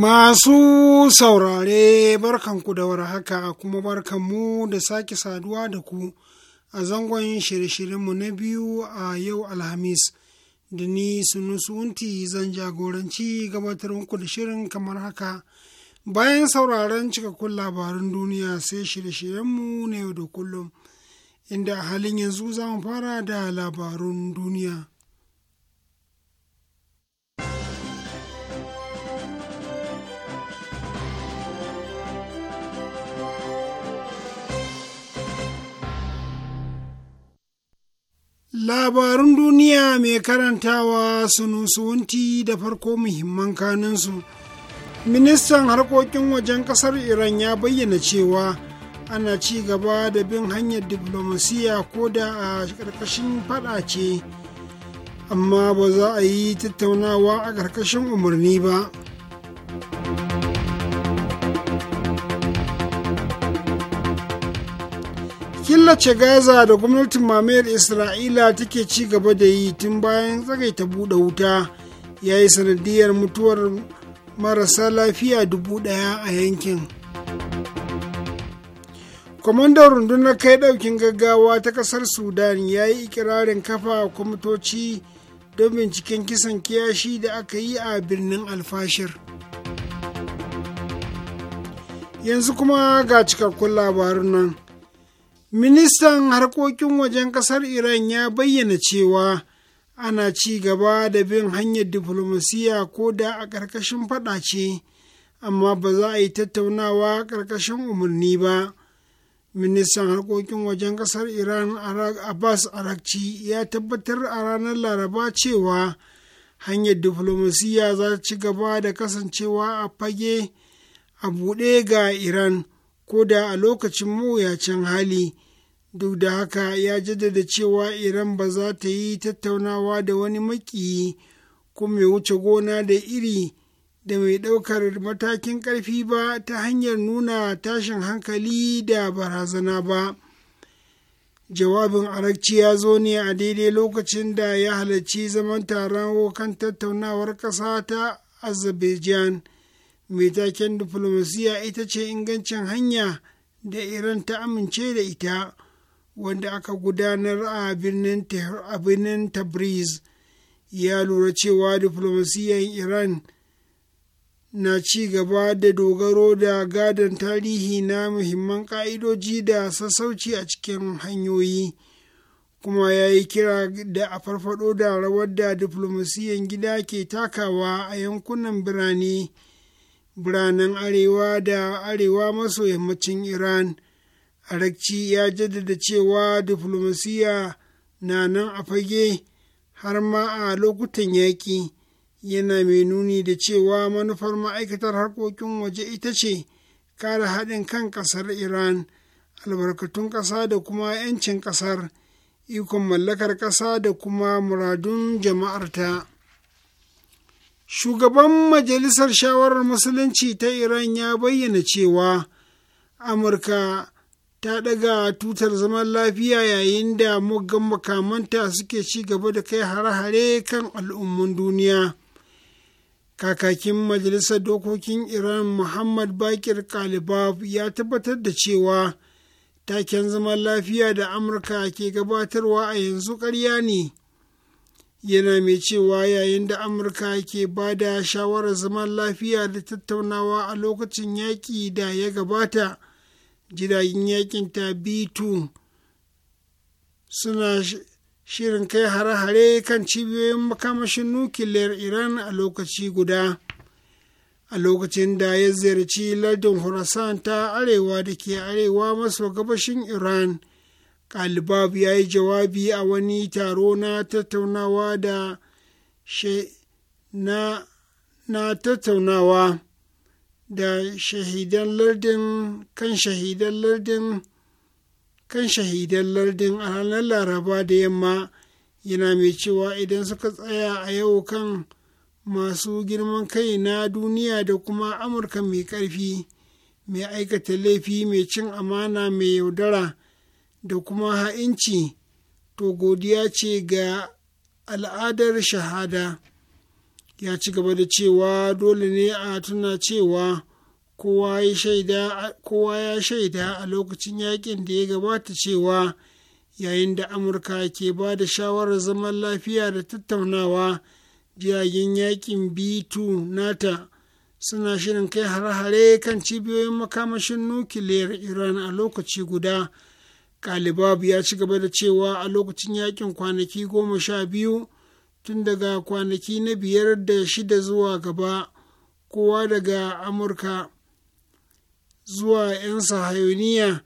Masu saurare barkanku da warhaka kuma barkanmu da sake saduwa da ku a zangon shirye-shiryenmu na biyu a yau Alhamis. Da ni sunusunti zan jagoranci gabatar muku da shirin kamar haka. Bayan sauraron cikakkun labarun duniya sai shirye-shiryenmu na yau da kullum, inda a halin yanzu za mu fara da labarun duniya. Labarun duniya mai karantawa sunusuwunti da farko muhimman kanunsu. Ministan harkokin wajen ƙasar Iran ya bayyana cewa ana ci gaba da bin hanyar diflomasiya ko da a ƙarƙashin fada ce, amma ba za a yi tattaunawa a ƙarƙashin umarni ba. killace gaza da gwamnatin mamayar isra'ila take ci gaba da yi tun bayan ta buɗe wuta ya yi sanadiyar mutuwar marasa lafiya dubu ɗaya a yankin kwamandan rundunar kai ɗaukin gaggawa ta ƙasar sudan ya yi ikirarin kafa kwamitoci don binciken kisan kiyashi da aka yi a birnin alfashir yanzu kuma ga cikakkun labarun nan ministan harkokin wajen ƙasar iran ya bayyana cewa ana ci gaba da bin hanyar diflomasiya ko da a ƙarƙashin faɗace amma ba za a yi tattaunawa ƙarƙashin umarni ba ministan harkokin wajen ƙasar iran abbas arakci ya tabbatar a ranar laraba cewa hanyar diflomasiya za ci gaba da kasancewa a fage a buɗe ga iran ko da a lokacin mawuyacin hali duk da haka ya jaddada cewa iran ba za ta yi tattaunawa da wani makiyi ko mai wuce gona da iri da mai ɗaukar matakin ƙarfi ba ta hanyar nuna tashin hankali da barazana ba jawabin arakci ya zo ne a daidai lokacin da ya halarci zaman taron kan tattaunawar ƙasa ta azerbaijan mai taken diflomasiya ita ce ingancin hanya da iran ta amince da ita wanda aka gudanar a birnin tabriz ya lura cewa diflomasiyan iran na ci gaba da dogaro da gadon tarihi na muhimman ƙa'idoji da sassauci a cikin hanyoyi kuma ya yi kira da a farfado da rawar da diflomasiyan gida ke takawa a yankunan birane biranen arewa da arewa maso yammacin iran arakci ya jaddada cewa diflomasiya na nan a fage har ma a lokutan yaƙi yana mai nuni da cewa manufar ma'aikatar harkokin waje ita ce kare haɗin kan ƙasar iran albarkatun ƙasa da kuma 'yancin ƙasar ikon mallakar ƙasa da kuma muradun jama'arta. Shugaban Majalisar Shawarar Musulunci ta Iran ya bayyana cewa Amurka ta ɗaga tutar zaman lafiya yayin da muggan makamanta suke ci gaba da kai hare-hare kan al'ummun duniya. Kakakin Majalisar Dokokin Iran Muhammad Bakir Kalibab ya tabbatar da cewa taken zaman lafiya da Amurka ke gabatarwa a yanzu ƙarya ne. yana mai cewa yayin da amurka ke ba da shawarar zaman lafiya da tattaunawa a lokacin yaƙi da ya gabata jiragen yakin ta b2 suna shirin kai hare-hare kan cibiyoyin makamashin nukiliyar iran a lokaci guda a lokacin da ya ziyarci lardin horasan ta arewa da ke arewa maso gabashin iran kalibab ya yi jawabi a wani taro na tattaunawa da na, na tattaunawa da shahidan lardin kan shahidan lardin kan shahidan lardin a ranar laraba da yamma yana mai cewa idan suka tsaya a yau kan masu girman kai na duniya da kuma amurka mai ƙarfi mai aikata laifi mai cin amana mai yaudara da kuma ha'inci to godiya ce ga al'adar shahada ya ci gaba da cewa dole ne a tuna cewa kowa ya shaida a lokacin yakin da ya gabata cewa yayin da amurka ke ba da shawarar zaman lafiya da tattaunawa jiragen yakin b2 nata suna shirin kai har hare kan cibiyoyin makamashin nukiliyar iran a lokaci guda kalibab ya ci gaba da cewa a lokacin yakin kwanaki goma sha biyu tun daga kwanaki na biyar da shida zuwa gaba kowa daga amurka zuwa 'yan sahayoniya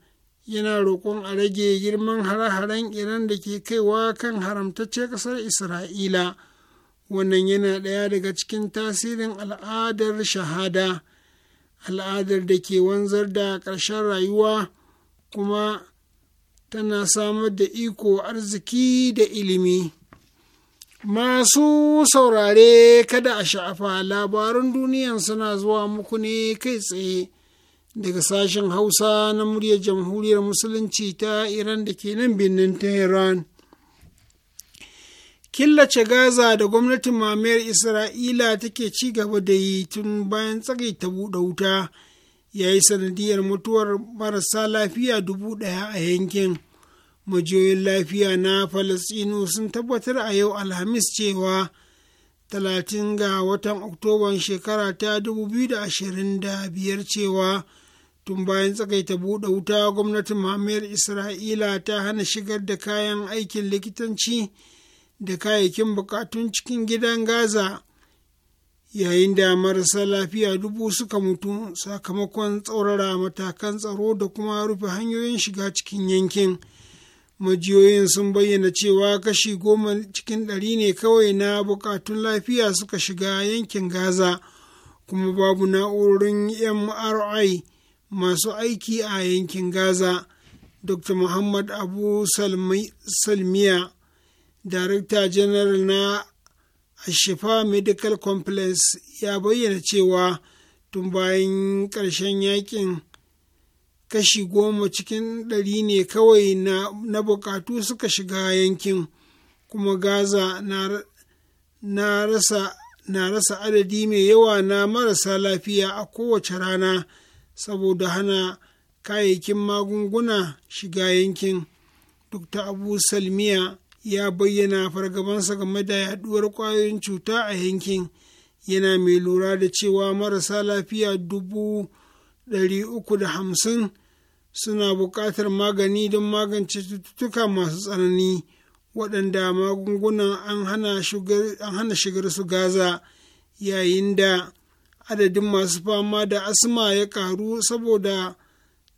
yana roƙon a rage girman hare-haren iran da ke kaiwa kan haramtacce ƙasar isra'ila wannan yana ɗaya daga cikin tasirin al'adar shahada al'adar da ke wanzar da ƙarshen rayuwa kuma tana samar da iko arziki da ilimi masu saurare kada a sha'afa labarun duniyan suna zuwa muku ne kai tsaye daga sashen hausa na muryar jamhuriyar musulunci ta iran da ke nan birnin tehran killace gaza da gwamnatin mamayar isra'ila take ci gaba da yi tun bayan tsagai ta buɗe wuta ya yi sanadiyar mutuwar marasa lafiya dubu ɗaya a yankin majiyoyin lafiya na falasɗinu sun tabbatar a yau alhamis cewa talatin ga watan oktoban shekara ta 2025 cewa tun bayan tsakaita buɗe wuta gwamnatin mamayar isra'ila ta hana shigar da kayan aikin likitanci da kayayyakin bukatun cikin gidan gaza yayin da marasa lafiya dubu suka mutu sakamakon tsaurara matakan tsaro da kuma rufe hanyoyin shiga cikin yankin. majiyoyin sun bayyana cewa kashi goma cikin ɗari ne kawai na bukatun lafiya suka shiga yankin gaza kuma babu na'urorin mri masu aiki a yankin gaza dr muhammad abu salmiya darakta janar na ashifa medical complex ya bayyana cewa tun bayan ƙarshen yakin kashi goma cikin ɗari ne kawai na bukatu suka shiga yankin kuma gaza na rasa na rasa adadi mai yawa na marasa lafiya a kowace rana saboda hana kayayyakin magunguna shiga yankin dr abu salmiya ya bayyana fargabansa game da yaduwar kwayoyin cuta a yankin yana mai lura da cewa marasa lafiya dubu 350 suna buƙatar magani don magance cututtuka masu tsanani waɗanda magungunan an hana shigar su gaza yayin da adadin masu fama da asma ya ƙaru saboda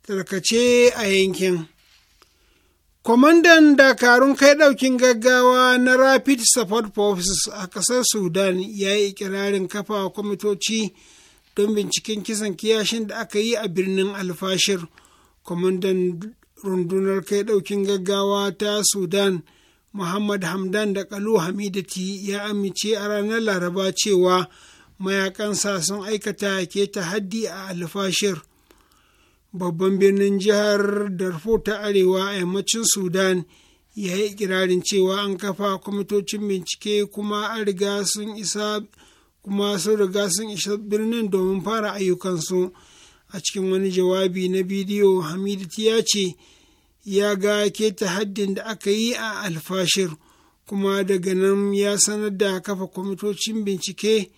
tarkace a yankin. Kwamandan dakarun kai ɗaukin gaggawa na Rapid Support Forces a ƙasar Sudan ya yi ikirarin kafa kwamitoci don binciken kisan kiyashin da aka yi a birnin alfashir kwamandan rundunar kai ɗaukin gaggawa ta sudan muhammad hamdan da kalu hamidati ya amince a ranar laraba cewa mayakansa sun aikata ke ta haddi a alfashir babban birnin jihar darfur ta arewa a yammacin sudan ya yi ikirarin cewa an kafa kwamitocin bincike kuma an riga sun isa kuma sun riga sun isa birnin domin fara ayyukansu a cikin wani jawabi na bidiyo Hamidu ya ce ya ga keta haddin da aka yi a alfashir kuma daga nan ya sanar da kafa kwamitocin bincike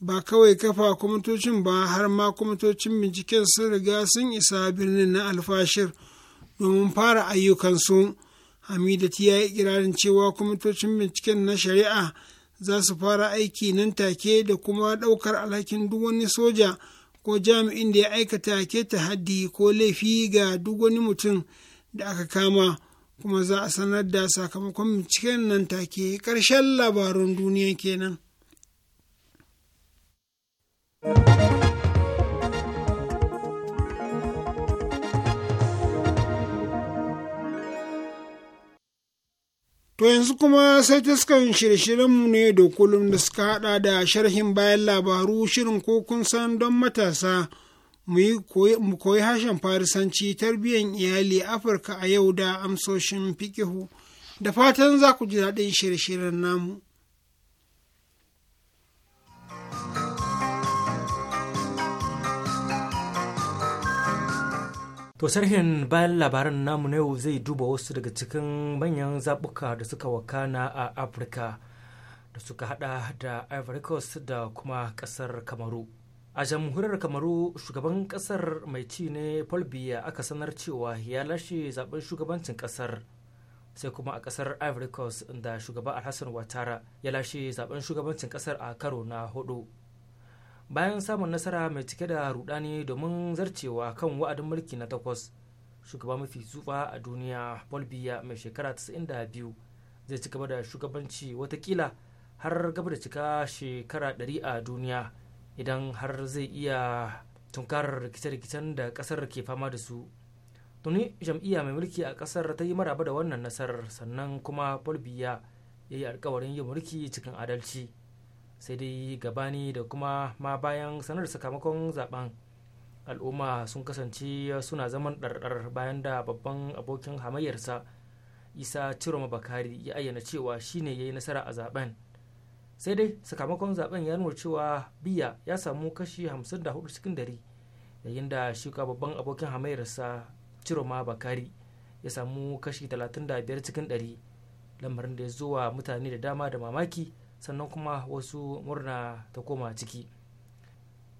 ba kawai kafa kwamitocin ba har ma kwamitocin binciken sun riga sun isa birnin na alfashir domin fara ayyukansu hamidati ya yi ikirarin cewa kwamitocin binciken na shari'a za su fara aiki nan take da kuma ɗaukar alhakin duk wani soja ko jami'in da ya aikata keta haddi ko laifi ga duk wani mutum da aka kama kuma za a sanar da sakamakon binciken nan take ƙarshen labarun duniya kenan. To yanzu kuma sai taskan shirye-shiryenmu ne da kullum da suka hada da sharhin bayan labaru shirin ko kun san don matasa mu koyi harshen farisanci tarbiyyar iyali Afirka a yau da amsoshin fikihu da fatan za ku ji daɗin shirye-shiryen namu. To sarhin bayan labaran namu na yau zai duba wasu daga cikin manyan zaɓuka da suka wakana a Afirka da suka hada da Ivory Coast da kuma ƙasar Kamaru. A jamhuriyar Kamaru shugaban ƙasar mai ci ne Paul Biya aka sanar cewa ya lashe zaben shugabancin ƙasar sai kuma a ƙasar Ivory Coast da shugaba Alhassan Watara ya lashe zaben shugabancin ƙasar a karo na hudu. bayan samun nasara mai cike da rudani domin zarcewa kan wa'adin mulki na takwas shugaba mafi tsufa a duniya paul biya mai shekara 92 zai ci gaba da shugabanci watakila har gaba da cika shekara 100 a duniya idan har zai iya tunkarar rikice-rikicen da kasar ke fama da su tuni jam'iyya mai mulki a kasar ta yi maraba da wannan nasarar sannan kuma paul biya ya yi alkawarin yin mulki cikin adalci sai dai gabani da kuma ma bayan sanar da sakamakon zaben al'umma sun kasance suna zaman ɗarɗar bayan da babban abokin hamayyarsa isa ciroma bakari ya ayyana cewa shine ya yi nasara a zaben sai dai sakamakon zaben ya nuna cewa biya ya samu kashi 54 cikin dari yayin da shi babban abokin hamayyarsa ciroma bakari ya samu kashi 35 cikin dari lamarin da ya zo wa mutane da dama da mamaki sannan kuma wasu murna ta koma ciki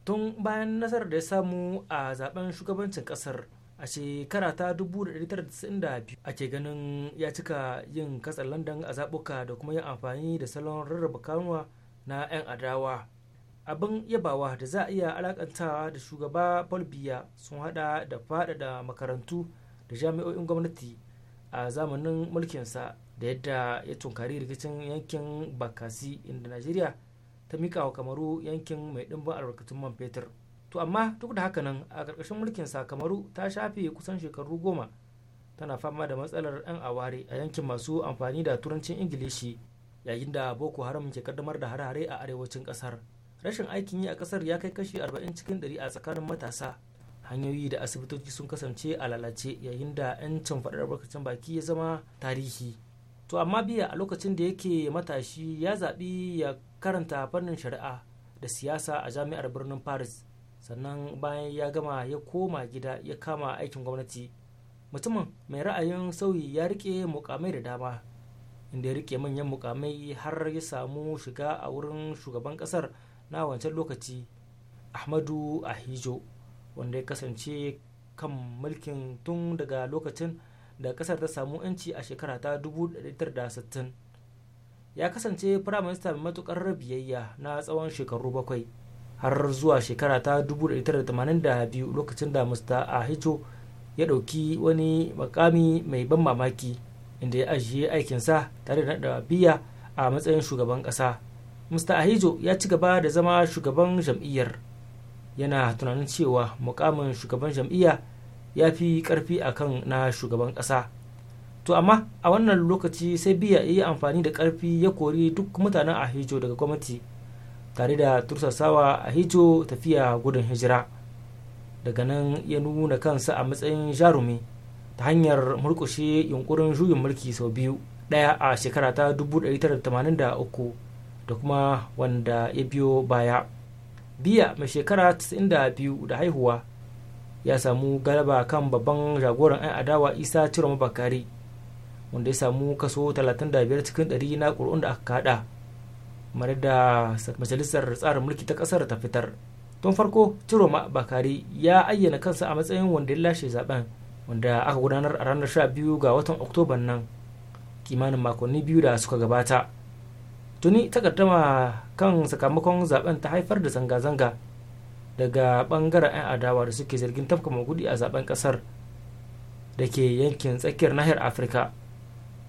tun bayan nasarar da ya samu a zaben shugabancin kasar a shekara ta 1992 ake ganin ya cika yin katsar london a zaɓuka da kuma yin amfani da salon rarraba kanuwa na 'yan adawa abin yabawa da za a iya alakantawa da shugaba paul biya sun hada da faɗaɗa makarantu da jami'o'in gwamnati a zamanin mulkinsa da yadda ya tunkari rikicin yankin bakasi inda najeriya ta mika wa kamaru yankin mai ɗimbin albarkatun man fetur to amma duk da haka nan a ƙarƙashin mulkin sa kamaru ta shafe kusan shekaru goma tana fama da matsalar 'yan aware a yankin masu amfani da turancin ingilishi yayin da boko haram ke kaddamar da harare a arewacin kasar rashin aikin yi a ƙasar ya kai kashi 40 cikin 100 a tsakanin matasa hanyoyi da asibitoci sun kasance a lalace yayin da 'yancin faɗar albarkacin baki ya zama tarihi to amma biya a lokacin da yake matashi ya zaɓi ya karanta fannin shari'a da siyasa a jami'ar birnin paris sannan bayan ya gama ya koma gida ya kama aikin gwamnati mutumin mai ra'ayin sauyi ya rike mukamai da dama inda ya rike manyan mukamai har ya samu shiga a wurin shugaban kasar na wancan lokaci ahmadu ahijo wanda ya kasance kan mulkin tun daga lokacin da kasar ta samu 'yanci a shekara ta 1960 ya kasance firaminista mai matukar biyayya na tsawon shekaru bakwai har zuwa shekara ta 1982 lokacin da mr ahijo ya ɗauki wani makami mai ban mamaki inda ya ajiye aikinsa tare da naɗa biya a matsayin shugaban ƙasa mr ahijo ya ci gaba da zama shugaban jam'iyyar yana tunanin cewa mukamin shugaban jam'iyya ya fi karfi kan na shugaban ƙasa to amma a wannan lokaci sai biya ya yi amfani da karfi ya kori duk mutanen a hijo daga gwamnati tare da tursasawa a hijo tafiya gudun hijira daga nan ya nuna kansa a matsayin jarumi ta hanyar murkushe yunkurin juyin mulki sau biyu daya a shekara ta 1983 da kuma wanda ya biyo baya biya mai shekara 92 da haihuwa ya samu galaba kan babban jagoran 'yan adawa isa ciro bakari wanda ya samu kaso 35 cikin 100 na ƙuri'un da aka kada mare da majalisar tsarin mulki ta ƙasar ta fitar tun farko ciro bakari ya ayyana kansa a matsayin wanda ya lashe zaben wanda aka gudanar a ranar 12 ga watan oktoban nan kimanin makonni biyu da suka gabata tuni takaddama kan sakamakon zaben ta haifar da zanga-zanga daga bangaren 'yan adawa da suke zargin tafka magudi a zaben kasar da ke yankin tsakiyar nahiyar afirka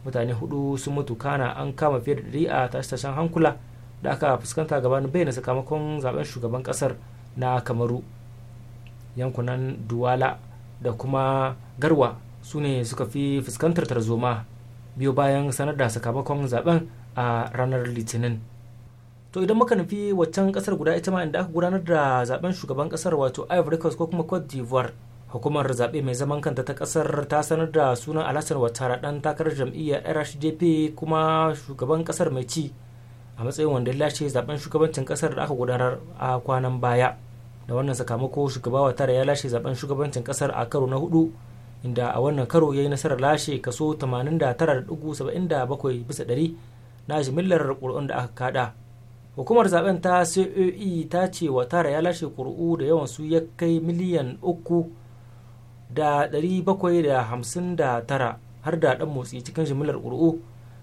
mutane hudu sun mutu kana an kama fiye da ɗari a tashashen hankula da aka fuskanta gabanin bayyana sakamakon zaben shugaban kasar na kamaru yankunan duwala da kuma garwa su ne suka fi fuskantar tarzoma biyo bayan sanar da sakamakon zaben a ranar litinin to idan muka nufi waccan kasar guda ita ma inda aka gudanar da zaben shugaban kasar wato ivory coast ko kuma cote d'ivoire hukumar zaɓe mai zaman kanta ta kasar ta sanar da sunan alasan watara dan takarar jam'iyyar rsdp kuma shugaban kasar mai ci a matsayin wanda ya lashe zaben shugabancin kasar da aka gudanar a kwanan baya da wannan sakamako shugaba watara ya lashe zaben shugabancin kasar a karo na hudu inda a wannan karo ya yi nasarar lashe kaso 89.77 bisa ɗari na jimillar ƙuri'un da aka kada hukumar zaben ta coe ta ce wa tara ya lashe kur’u da yawan su ya kai miliyan uku da ɗari bakwai da hamsin da tara har da ɗan motsi cikin jimilar kur’u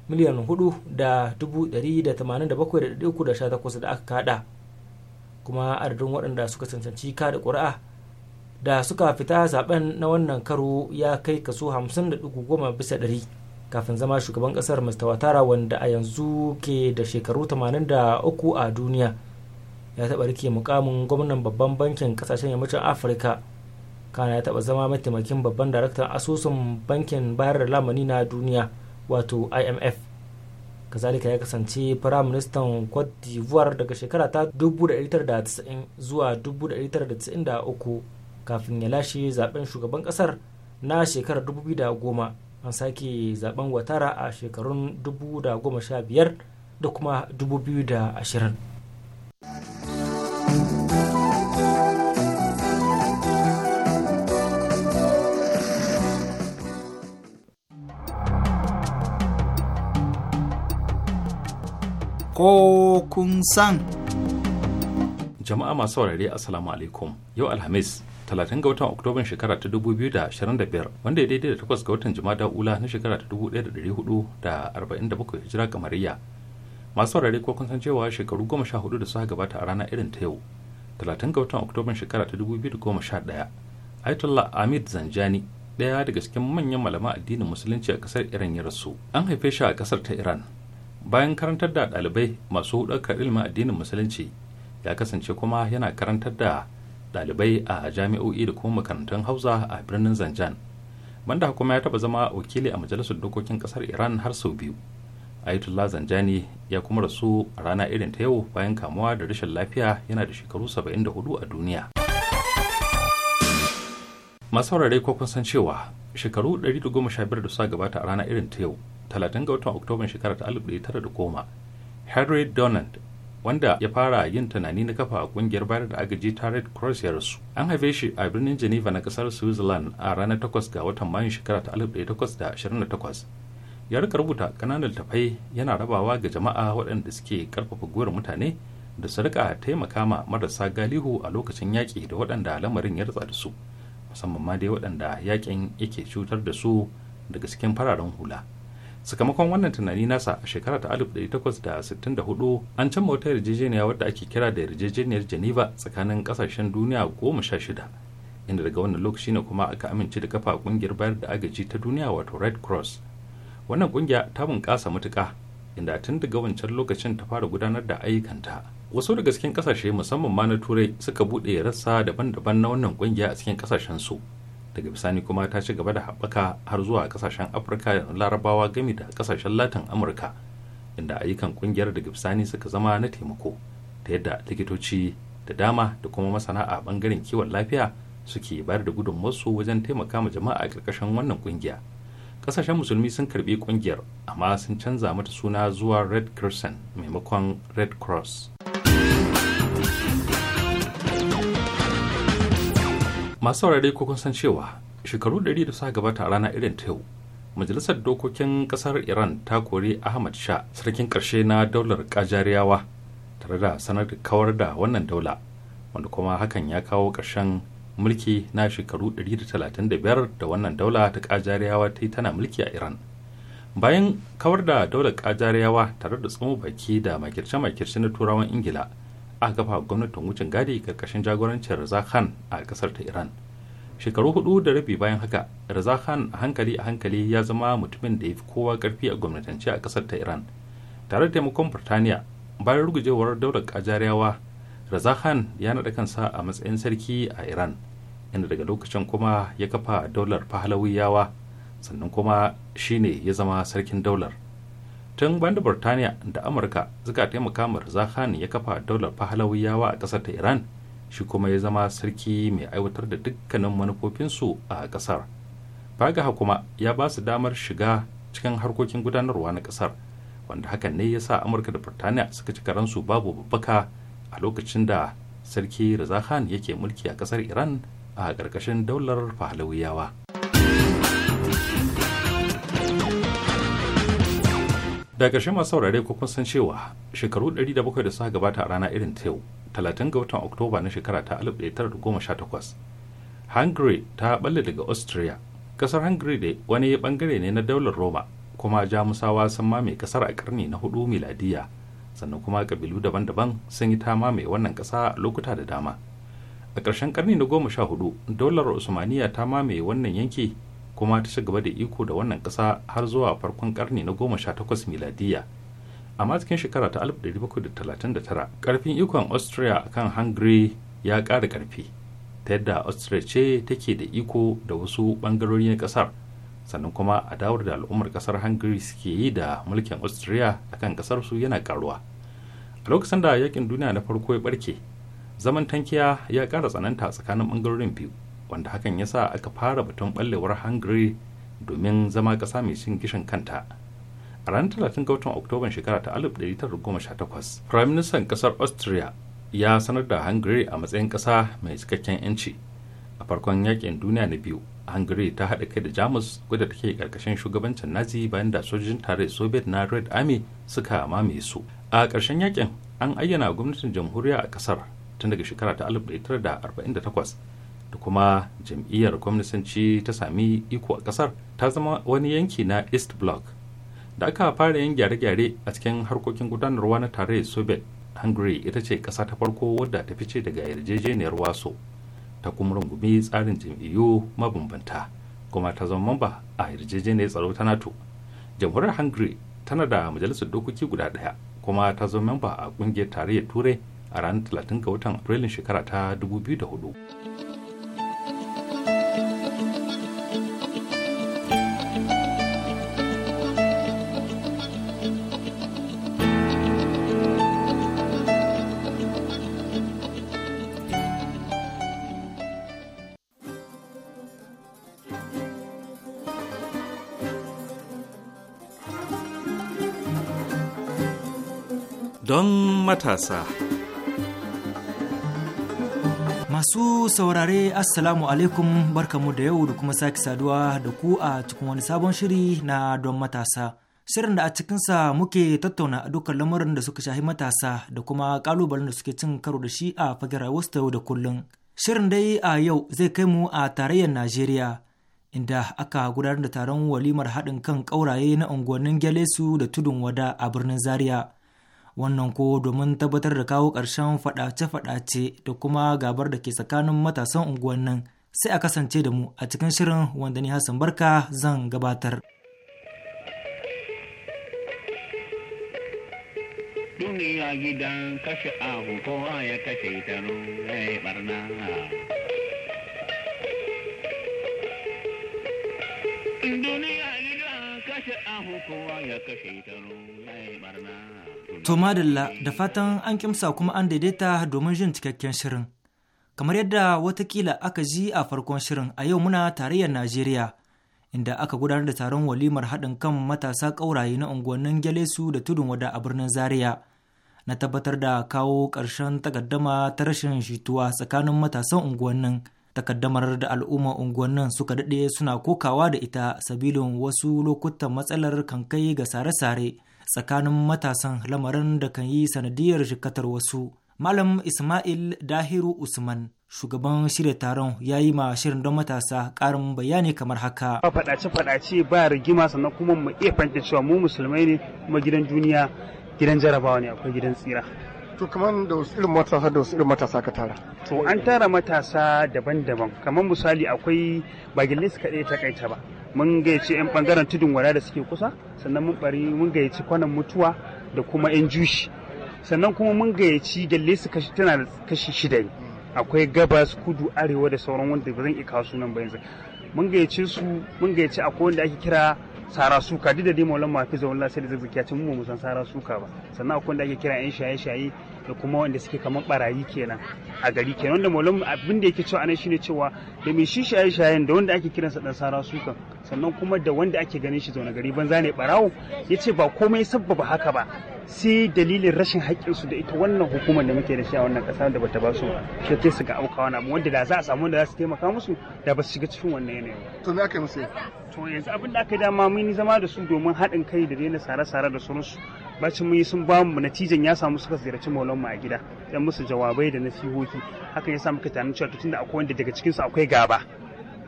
miliyan hudu da dubu ɗari da tamanin da bakwai da ɗari uku da sha takwas da aka kada kuma adadin waɗanda suka cancanci kada ƙuri'a da suka fita zaben na wannan karo ya kai kaso hamsin da ɗigo goma bisa ɗari kafin zama shugaban kasar mr watara wanda a yanzu ke da shekaru 83 a duniya ya taɓa rike mukamin gwamnan babban bankin kasashen yammacin afirka kana ya taɓa zama mataimakin babban daraktan asusun bankin bayar da lamani na duniya wato imf kazalika ya kasance firaministan cote d'ivoire daga shekara ta 1990 zuwa 1993 kafin ya lashe zaben shugaban kasar na shekarar 2010 an sake zaben watara a shekarun 2015 da kuma 2020 Ko kun san. jama'a masu saurare assalamu alaikum yau alhamis 30 ga watan oktoban shekara ta 2025 wanda ya daidai da 8 ga watan da ula na shekara ta 1447 hijira kamariya masu saurare ko kun san cewa shekaru 14 da suka gabata a rana irin ta yau 30 ga watan oktoban shekara ta 2011 ayatollah amid zanjani ɗaya daga cikin manyan malaman addinin musulunci a kasar iran ya rasu an haife shi a kasar ta iran bayan karantar da ɗalibai masu hudar ilimin addinin musulunci ya kasance kuma yana karantar da ɗalibai a jami'o'i da kuma makarantun hausa a birnin zanjan banda kuma ya taba zama wakili a majalisar dokokin kasar iran har sau biyu ayatollah zanjani ya kuma rasu a rana irin ta yau bayan kamuwa da rashin lafiya yana da shekaru 74 a duniya masu saurare ko kun san cewa shekaru 115 da suka gabata a rana irin ta yau 30 ga watan oktoban shekarar 1910 henry donald wanda ya fara yin tunani na kafa a kungiyar bayar da agaji ta red cross ya an haife shi a birnin geneva na kasar switzerland a ranar 8 ga watan mayun shekara ta 1828 ya rika rubuta kananan tafai yana rabawa ga jama'a waɗanda suke karfafa gwiwar mutane da su rika taimaka ma marasa galihu a lokacin yaƙi da waɗanda lamarin ya rutsa da su musamman ma dai waɗanda yaƙin yake cutar da su daga cikin fararen hula sakamakon wannan tunani nasa a shekara ta 1864 an canza wata yarjejeniya wadda ake kira da yarjejeniyar geneva tsakanin kasashen duniya goma sha shida inda daga wannan lokaci ne kuma aka amince da kafa kungiyar bayar da agaji ta duniya wato red cross wannan kungiya ta bunƙasa matuƙa inda tun daga wancan lokacin ta fara gudanar da ayyukanta wasu daga cikin kasashe musamman ma na turai suka buɗe rassa daban-daban na wannan kungiya a cikin kasashen su daga bisani kuma ta ci gaba da haɓaka har zuwa kasashen afirka larabawa gami da kasashen latin amurka inda ayyukan kungiyar daga bisani suka zama na taimako ta yadda likitoci da dama da kuma masana a bangaren kiwon lafiya suke bayar da gudunmawarsu wajen taimaka ma jama'a a ƙarƙashin wannan kungiya kasashen musulmi sun karbi kungiyar amma sun canza mata suna zuwa red crescent maimakon red cross masu saurare ko kun san cewa shekaru 100 da suka gabata a rana irin ta yau majalisar dokokin kasar iran ta kori ahmad sha sarkin karshe na daular kajariyawa tare da sanar da kawar da wannan daula wanda kuma hakan ya kawo karshen mulki na shekaru 135 da wannan daula ta kajariyawa ta yi tana mulki a iran bayan kawar da daular kajariyawa tare da tsumo baki da makirce-makirce na turawan ingila a kafa gwamnatin wucin gadi karkashin jagorancin razakhan a kasar ta Iran. Shekaru hudu da rabi bayan haka, razakhan a hankali a hankali ya zama mutumin da ya fi kowa karfi a gwamnatance a kasar ta Iran. Tare da taimakon Burtaniya, bayan rugujewar daular Kajariyawa, razakhan ya naɗa kansa a matsayin sarki a Iran, inda daga lokacin kuma ya kafa daular Pahlawiyawa, sannan kuma shine ya zama sarkin daular. tun bayan da burtaniya da amurka suka taimaka ma raza ya kafa daular fahalawiyawa a ƙasar ta iran shi kuma ya zama sarki mai aiwatar da dukkanin manufofinsu a ƙasar bagaha kuma ya ba su damar shiga cikin harkokin gudanarwa na ƙasar wanda hakan ne ya sa amurka da burtaniya suka ci karansu babu babbaka a lokacin da sarki raza khan yake mulki a ƙasar iran a ƙarƙashin daular fahalawiyawa da ƙarshe masu saurare ko kun san cewa shekaru 107 da suka gabata a rana irin ta yau 30 ga watan oktoba na shekara ta 1918 hungary ta balle daga austria ƙasar hungary da wani bangare ne na daular roma kuma jamusawa sun mame kasar a karni na hudu miladiya sannan kuma kabilu daban-daban sun yi ta mame wannan ƙasa lokuta da dama a ƙarshen karni na goma sha hudu daular usmaniya ta mame wannan yanki kuma ta gaba da iko da wannan ƙasa har zuwa farkon karni na goma sha takwas miladiya amma cikin shekara ta 1739 ƙarfin ikon austria akan hungary ya ƙara karfi ta yadda austria ce take da iko da wasu ɓangarori na ƙasar sannan kuma a dawar da al'ummar ƙasar hungary suke yi da mulkin austria akan ƙasar su yana karuwa a lokacin da yakin duniya na farko ya barke zaman tankiya ya ƙara tsananta tsakanin ɓangarorin biyu wanda hakan ya sa aka fara batun ɓallewar hungary domin zama ƙasa mai cin gishin kanta a ranar 30 ga watan oktoban shekara ta 1918 prime minister ƙasar austria ya sanar da hungary a matsayin ƙasa mai cikakken 'yanci a farkon yakin duniya na biyu hungary ta haɗa kai da jamus wadda take ƙarƙashin shugabancin nazi bayan da sojojin tare soviet na red army suka mamaye su a ƙarshen yakin an ayyana gwamnatin jamhuriya a ƙasar tun daga shekara ta 1948 da kuma jam'iyyar gwamnatanci ta sami iko a kasar ta zama wani yanki na east block da aka fara yin gyare-gyare a cikin harkokin gudanarwa na tarayyar soviet hungary ita ce ƙasa ta farko wadda ta fice daga yarjejeniyar waso ta kuma rungumi tsarin jam'iyyu mabambanta kuma ta zama mamba a yarjejeniyar tsaro ta nato jamhuriyar hungary tana da majalisar dokoki guda daya kuma ta zama mamba a ƙungiyar tarayyar turai a ranar 30 ga watan afrilun shekara ta 2004 don matasa. Masu saurare Assalamu alaikum barkamu da yau da kuma sake saduwa da ku a cikin wani sabon shiri na don matasa. Shirin da a cikinsa muke tattauna dukkan lamarin da suka shahi matasa da kuma kalubalen da suke cin karo da shi a fagen rayuwarsu ta yau da kullum. Shirin dai a yau zai kai mu a tarayyar Najeriya inda aka gudanar da taron walimar haɗin kan ƙauraye na unguwannin Gyalesu da Tudun Wada a birnin Zaria. wannan ko domin tabbatar da kawo ƙarshen faɗace-faɗace da kuma gabar da ke tsakanin matasan unguwannin sai a kasance da mu a cikin shirin wanda ni hassan barka zan gabatar duniya gidan kashe abu kowa To madalla da fatan an kimsa kuma an daidaita domin jin cikakken shirin. Kamar yadda watakila aka ji a farkon shirin a yau muna tarayyar Najeriya, inda aka gudanar da taron walimar haɗin kan matasa ƙauraye na unguwannin Gyalesu da Tudun Wada a birnin Zaria. Na tabbatar da kawo ƙarshen takaddama ta rashin jituwa tsakanin matasan unguwannin. takaddamar da al'umma unguwannin suka daɗe suna kokawa da ita sabilin wasu lokutan matsalar kan kai ga sare-sare tsakanin matasan lamarin da kan yi sanadiyar shikatar wasu malam ismail dahiru usman shugaban shirya taron ya yi ma shirin don matasa ƙarin bayani kamar haka. Ba faɗace-faɗace ba rigima sannan kuma mu iya fahimta cewa mu musulmai ne kuma gidan duniya gidan jarabawa ne akwai gidan tsira. To kamar da wasu irin matasa da wasu irin matasa ka tara. To an tara matasa daban-daban kamar misali akwai bagilis kaɗai ta kaita ba. Mun gayyaci 'yan ɓangaren tudun wara da suke kusa sannan mun bari mun gayyaci kwanan mutuwa da kuma 'yan jushi. Sannan kuma mun gayyaci dallisu kashi tana da kashi shida ne. Akwai gabas, kudu, arewa da sauran wanda ba zan iya kawo sunan ba yanzu. Mun gayyace su mun gayyaci akwai wanda ake kira sara suka duk da dai maulan mafi zaun lafiya da zazzaki ya mu mu san sara suka ba sannan akwai wanda ake kira yan shaye-shaye da kuma wanda suke kamar barayi kenan a gari kenan wanda malam abin da yake cewa anan shine cewa da mai shi shaye shayen da wanda ake kiransa dan sara suka sannan kuma da wanda ake ganin shi zaune gari banza ne barawo yace ba komai sabbaba haka ba sai dalilin rashin su da ita wannan hukumar da muke da shi a wannan ƙasa da bata ba su shi ta su ga aukawa na wanda da za a samu wanda za su taimaka musu da ba su shiga cikin wannan yanayin. To me aka yi musu? To yanzu abin da aka yi dama mun yi zama da su domin haɗin kai da daina sare-sare da sauransu bacin mun yi sun ba mu natijan ya samu suka ziyarci maulan mu a gida dan musu jawabai da nasihohi hakan ya sa muka tunanin cewa da akwai wanda daga cikin su akwai gaba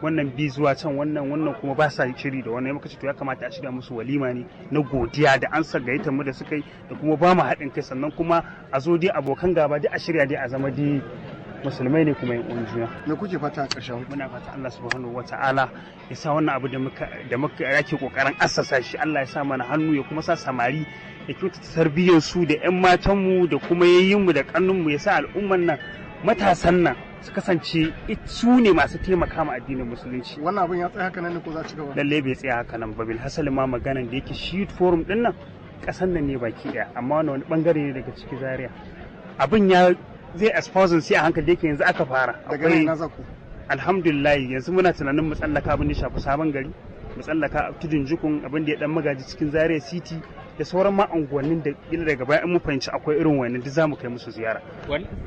wannan bi zuwa can wannan wannan kuma ba sa shiri da wannan muka ce to ya kamata a shirya musu walima ne na godiya da an gaita mu da suka yi da kuma ba mu haɗin kai sannan kuma a zo dai abokan gaba dai a shirya dai a zama dai musulmai ne kuma yin juna me kuke fata a ƙarshen muna fata Allah subhanahu wata'ala ya sa wannan abu da muka da muka yake kokarin assasa shi Allah ya sa mana hannu ya kuma sa samari da kyautata tarbiyyar su da 'yan matanmu da kuma mu da kannunmu ya sa al'umman nan matasan nan su kasance su ne masu taimaka ma addinin musulunci wannan abin ya tsaya haka nan ne ko za ci gaba lalle bai tsaya haka nan ba bil hasali ma maganan da yake shi forum din nan kasan nan ne baki daya amma wannan wani bangare ne daga ciki zaria abin ya zai exposing sai a hankali da yake yanzu aka fara daga nan na zaku alhamdulillah yanzu muna tunanin mu tsallaka abin da shafi sabon gari mu tsallaka tudun jikun abin da ya dan magaji cikin zaria city da sauran ma unguwannin da ila daga baya in mu fahimci akwai irin wannan duk zamu kai musu ziyara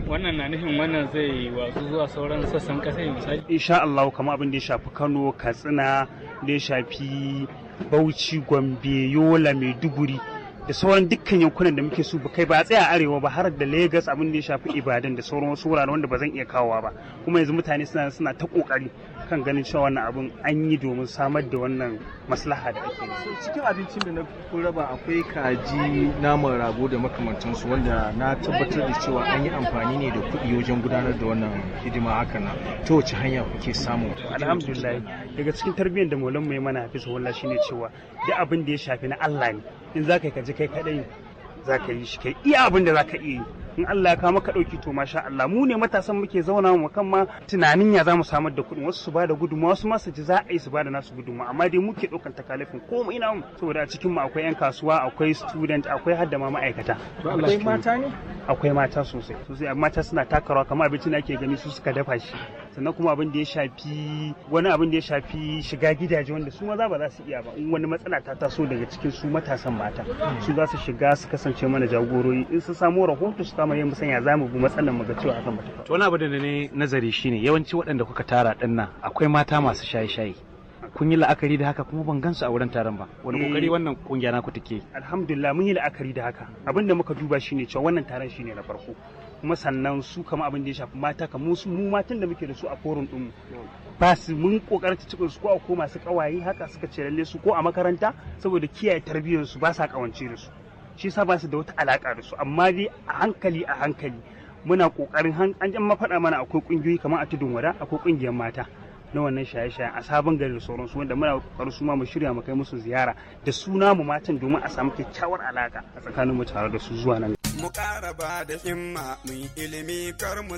wannan na nufin wannan zai watsu zuwa sauran sassan kasar misali insha Allah kamar abin da ya shafi Kano Katsina da ya shafi Bauchi Gombe Yola Maiduguri da sauran dukkan yankunan da muke su ba kai ba a tsaya arewa ba har da Lagos abin da ya shafi Ibadan da sauran wasu wurare wanda ba zan iya kawowa ba kuma yanzu mutane suna suna ta kokari kan ganin cewa wannan abun an yi domin samar da wannan maslaha da ake cikin abincin da na raba akwai kaji naman rago da makamantansu wanda na tabbatar da cewa an yi amfani ne da kuɗi wajen gudanar da wannan hidima haka na ta wace hanya kuke samu alhamdulillah daga cikin tarbiyyar da maulan mai mana wala wallah shine cewa duk abin da ya shafi na Allah ne in zaka yi kaji kai kadai zaka yi shi kai iya abin da zaka iya yi in Allah ya kawo maka ɗauki to masha Allah mu ne matasan muke zauna mu kan ma tunanin ya za mu samar da kuɗin wasu su ba da gudunmawa wasu ma su ji za a yi su ba da nasu gudunmu amma dai muke ɗaukan takalifin komai na mu saboda a cikin mu akwai 'yan kasuwa akwai student akwai hadda ma ma'aikata. Akwai mata ne? Akwai mata sosai sosai mata suna takarawa kamar na ke gani su suka dafa shi sannan kuma abin da ya shafi wani abin da ya shafi shiga gidaje wanda su maza ba za su iya ba in wani matsala ta taso daga cikin su matasan mata su za su shiga su kasance mana jagorori in su samu rahoto su so mu musanya za mu bi matsalar mu ga cewa akan mata to wani abu da ne nazari shine yawanci waɗanda kuka tara nan akwai mata masu shaye-shaye kun yi la'akari da haka kuma ban gansu a wurin taron ba wani kokari eh. wannan kungiya ku take alhamdulillah mun yi la'akari da haka abin da muka duba shine cewa wannan taron shine na farko kuma sannan su kama abin da ya shafi mata ka mu mu matan da muke da su a forum din ba su mun kokarta cikin su ko a koma su kawaye haka suka ce lalle su ko a makaranta saboda kiyaye tarbiyyar su ba sa kawance da su shi sa ba su da wata alaka da su amma dai a hankali a hankali muna kokarin an jan mafaɗa mana akwai ƙungiyoyi kamar a tudun wada akwai ƙungiyar mata na wannan shaye shaye a sabon garin sauran sauransu wanda muna kokarin su ma mu shirya mu kai musu ziyara da suna mu matan domin a samu kyakkyawar alaƙa a tsakanin mu tare da su zuwa nan mu karaba da himma mu ilimi kar mu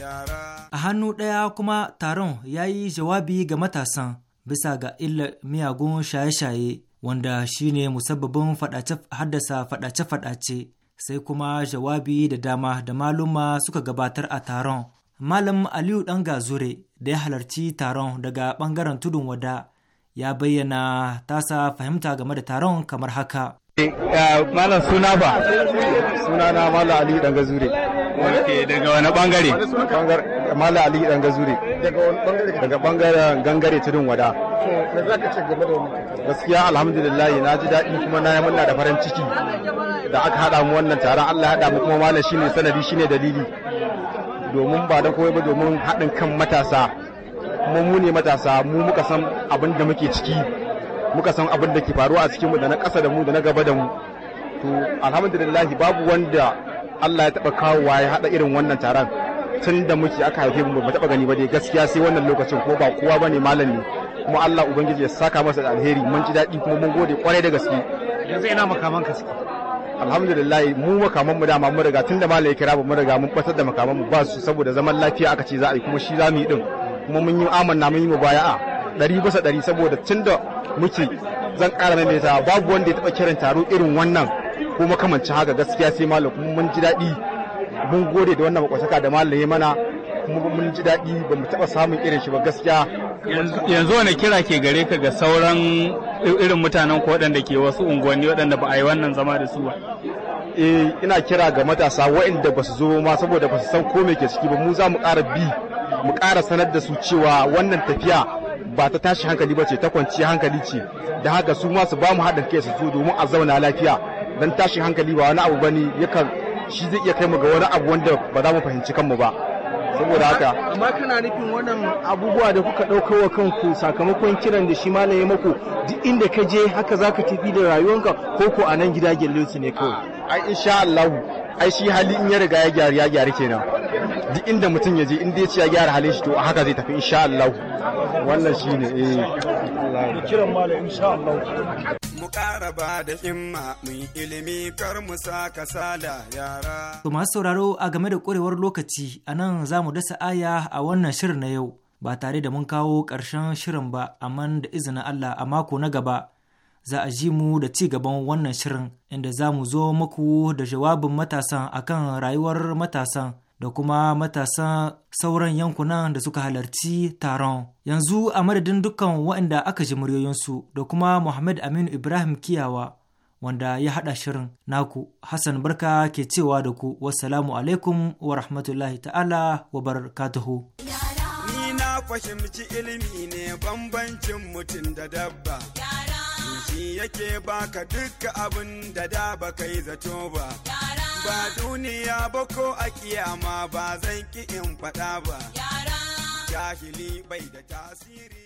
yara a hannu ɗaya kuma taron ya yi jawabi ga matasan bisa ga illar miyagun shaye-shaye wanda shi ne musabbabin haddasa faɗace-faɗace sai kuma jawabi da dama da maluma suka gabatar a taron. Malam Aliyu ɗan gazure da ya halarci taron daga ɓangaren tudun wada ya bayyana tasa fahimta game da taron kamar haka. Eh, eh, malam suna ba? Suna na Malam Aliyu ɗan gazure. Wanda daga wani ɓangare? Mala Ali Dan Gazuri. Daga Daga bangaren gangare tudun wada. Me za ka ce game da wannan Gaskiya alhamdulillah na ji daɗi kuma na yi murna da farin ciki da aka haɗa mu wannan taron Allah ya haɗa mu kuma malam shine sanadi shine dalili. Domin ba da koyi ba domin haɗin kan matasa. Kuma mu ne matasa mu muka san abin da muke ciki. Muka san abin da ke faruwa a cikinmu da na ƙasa da mu da na gaba da mu. To alhamdulillah babu wanda Allah ya taɓa kawo ya haɗa irin wannan taron. tun da muke aka haife mu ba taɓa gani ba dai gaskiya sai wannan lokacin ko ba kowa bane malam ne kuma Allah ubangiji ya saka masa da alheri mun ji daɗi kuma mun gode kwarai da gaske yanzu ina makaman ka suke alhamdulillah mu makaman mu dama mun riga tun da malam ya kira mu mun riga mun batar da makaman mu ba su saboda zaman lafiya aka ce za a yi kuma shi za mu yi din kuma mun yi amanna mun yi mubaya'a ɗari bisa ɗari saboda tun da muke zan ƙara ta babu wanda ya taɓa kiran taro irin wannan ko makamancin haka gaskiya sai malam kuma mun ji daɗi mun gode da wannan makwasaka da malam ya mana mun ji daɗi ba mu taɓa samun irin shi ba gaskiya yanzu wani kira ke gare ka ga sauran irin mutanen ko waɗanda ke wasu unguwanni waɗanda ba a yi wannan zama da su ba eh ina kira ga matasa waɗanda ba su zo ma saboda ba su san ko me ke ciki ba mu za mu ƙara bi mu ƙara sanar da su cewa wannan tafiya ba ta tashi hankali ba ce ta kwanci hankali ce da haka su ma su ba mu haɗin kai su zo domin a zauna lafiya dan tashi hankali ba wani abu bane yakan shi zai iya kai mu ga wani abu wanda ba za mu fahimci kanmu ba saboda haka amma kana nufin wannan abubuwa da kuka ɗaukar wa kanku sakamakon kiran da shi malam ya maku duk inda ka je haka zaka tafi da rayuwanka ko ko a nan gida gelle ne kawai ai insha Allah ai shi hali in ya riga ya gyara ya gyara kenan duk inda mutum ya je inda ya ce ya gyara halin shi to a haka zai tafi insha Allah wannan shine eh kiran malam insha Allah mu ƙara ba da himma mun ilimi kar mu sa kasala yara. To masu sauraro a game da ƙwarewar lokaci a nan za mu dasa aya a wannan shirin na yau ba tare da mun kawo ƙarshen shirin ba amma da izinin Allah a mako na gaba za a ji mu da ci gaban wannan shirin inda za mu zo muku da jawabin matasan akan rayuwar matasan da kuma matasan sauran yankunan da suka halarci taron. Yanzu a madadin dukkan waɗanda aka ji muryoyinsu da kuma Muhammad Aminu Ibrahim Kiyawa wanda ya haɗa shirin naku Hassan Barka ke cewa da ku wassalamu alaikum wa rahmatullahi ta'ala wa barakatuhu. Ni na fahimci ilimi ne bambancin mutum da dabba. Shi yake baka duka abin da da baka yi zato ba. ba duniya ba ko a kiyama ba zan ki in faɗa ba yara jahili bai da tasiri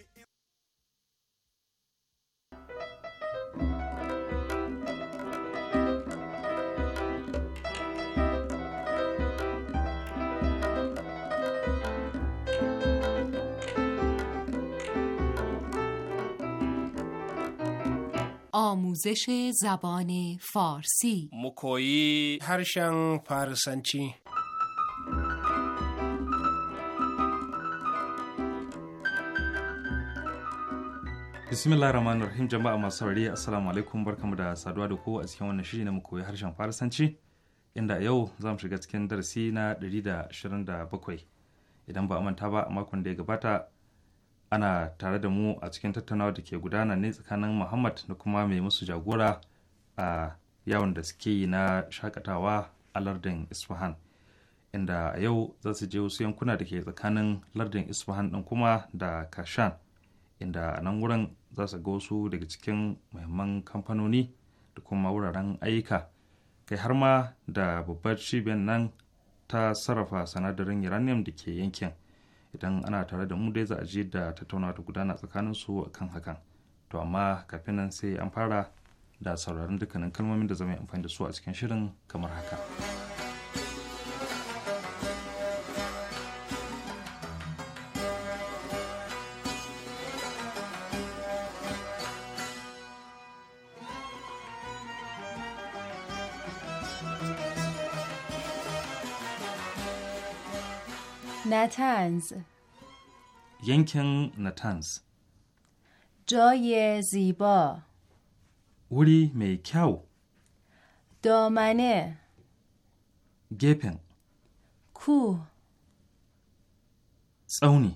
آموزش زبان فارسی مکویی هرشن فارسنچی bismillah rahman rahim jama'a masu saurari assalamu alaikum barkamu da saduwa da ku a cikin wannan shiri na mu koyi harshen farasanci inda yau za mu shiga cikin darasi na bakwai idan ba a manta ba a makon da ya gabata ana tare da mu a cikin tattaunawa da ke gudana ne tsakanin muhammad da kuma mai musu jagora a yawon da suke yi na shakatawa a lardin isfahan inda a yau za su je wasu yankuna da ke tsakanin lardin isfahan ɗin kuma da kashan inda a nan wurin za su ga wasu daga cikin muhimman kamfanoni da kuma wuraren ayyuka kai har ma da babbar cibiyar nan ta sarrafa sanadarin uranium da ke yankin idan ana tare da mu dai za a je da tattaunawa ta gudana tsakanin su akan hakan to amma kafin nan sai an fara da sauraron dukkanin kalmomin da zama amfani da su a cikin shirin kamar haka. نتنز ینکن نتنز جای زیبا وری میکاو دامنه گپن کوه تسونی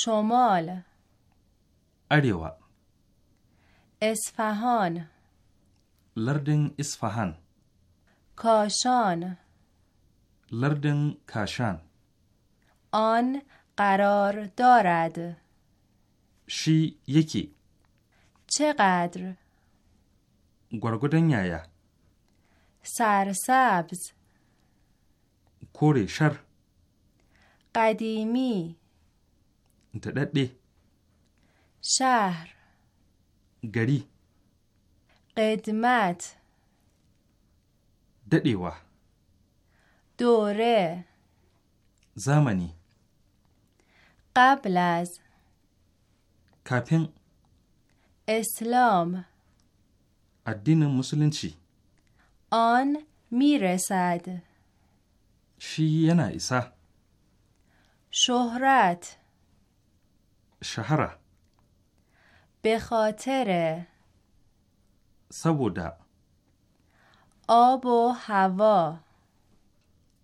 شمال اریوا اصفهان لردن اصفهان کاشان لردن کاشان آن قرار دارد شی یکی چقدر گرگودن یایا سرسبز کوری شر قدیمی ددده شهر گری قدمت ددیوه دوره زمانی قبل از کپین اسلام الدین چی؟ آن میرسد شیه ینا شهرت شهره به خاطر سبودا آب و هوا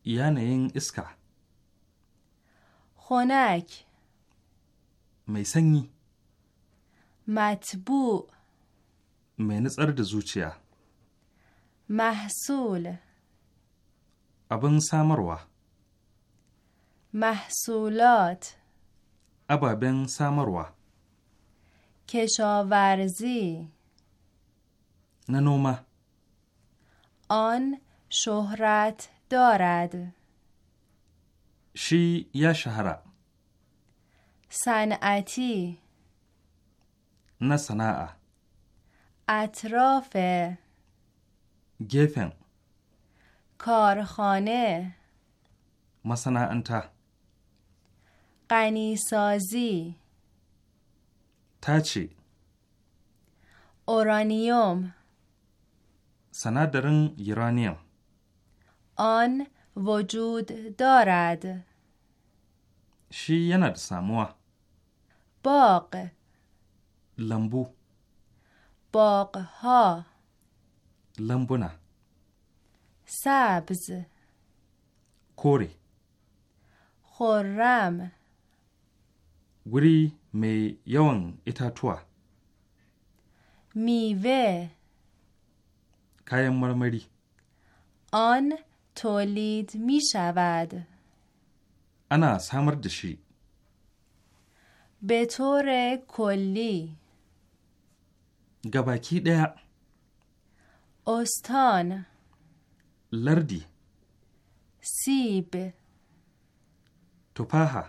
یعنی این اسکا خنک mai sanyi. Matbu. Mai natsar da zuciya. Mahsul. Abin samarwa. Mahsulat. Ababen samarwa. Keshawarzi. Na noma. On shuhrat dorad. Shi ya shahara. صنعتی نه صناعه اطراف گفن کارخانه قنی قنیسازی تاچی اورانیوم درن یورانیوم آن وجود دارد شی یند ساموه باغ لمبو باغ ها لمبونا سبز کوری خورم گری می یوان اتاتوا میوه کایم مرمری آن تولید می شود انا سامر دشی به طور کلی گباکی ده استان لردی سیب توپاها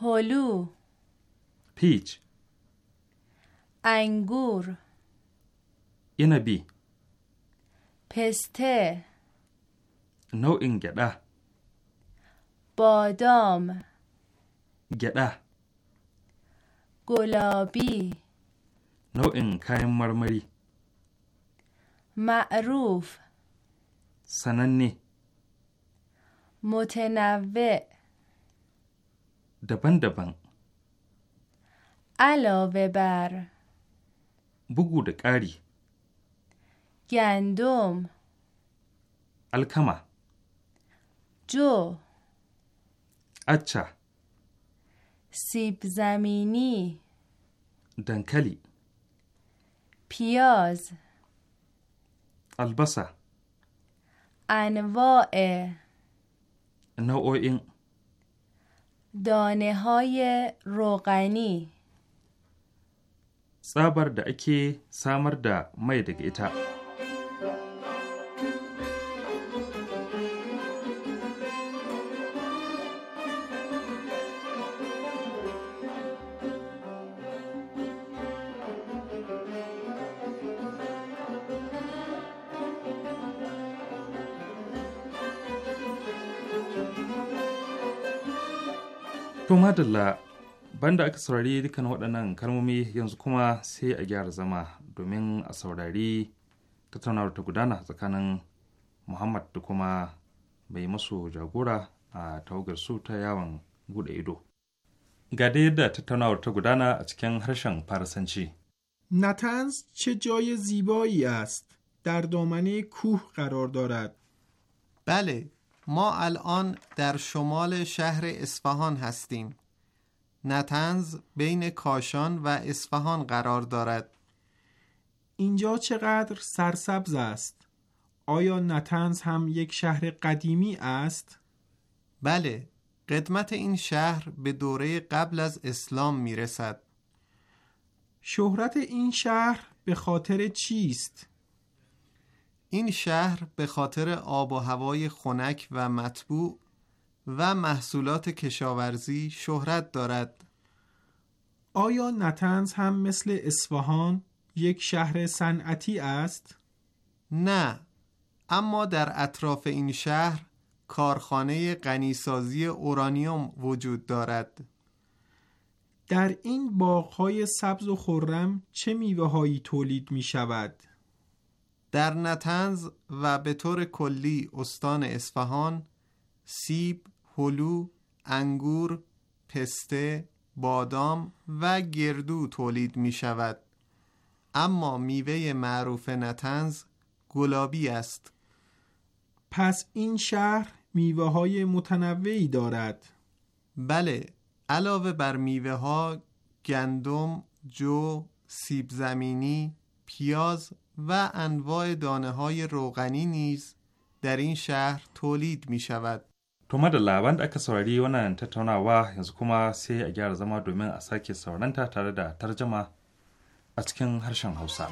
هلو پیچ انگور ینبی پسته نوع گده بادام گده Kulobi. Nau'in kayan marmari. Ma'ruf. Sananne. Mutanevbe. Daban-daban. Alo babbar. Bugu da ƙari. Ki Alkama. Jo. Aca. سیب زمینی دنکلی پیاز البسه انواع این دانه های روغنی صبر دا اکی سامر دا mai madalla banda aka saurari dukkan waɗannan kalmomi yanzu kuma sai a gyara zama domin a saurari tattaunawar ta gudana tsakanin muhammad da kuma mai masu jagora a tawagar su ta yawon bude ido ga dai yadda tattaunawar ta gudana a cikin harshen farasanci Natans ce joye زیبایی است در دامنه کوه قرار دارد بله ما الان در شمال شهر اصفهان هستیم نتنز بین کاشان و اصفهان قرار دارد اینجا چقدر سرسبز است آیا نتنز هم یک شهر قدیمی است؟ بله قدمت این شهر به دوره قبل از اسلام میرسد شهرت این شهر به خاطر چیست؟ این شهر به خاطر آب و هوای خنک و مطبوع و محصولات کشاورزی شهرت دارد آیا نتنز هم مثل اصفهان یک شهر صنعتی است؟ نه اما در اطراف این شهر کارخانه غنیسازی اورانیوم وجود دارد در این باغهای سبز و خرم چه میوه هایی تولید می شود؟ در نتنز و به طور کلی استان اصفهان سیب، هلو، انگور، پسته، بادام و گردو تولید می شود اما میوه معروف نتنز گلابی است پس این شهر میوه های متنوعی دارد بله علاوه بر میوه ها گندم، جو، سیب زمینی، پیاز و انواع دانه های روغنی نیز در این شهر تولید می شود. Tuma da laban da aka saurari wannan tattaunawa yanzu kuma sai a gyara zama domin a sake sauranta tare da tarjama a cikin harshen Hausa.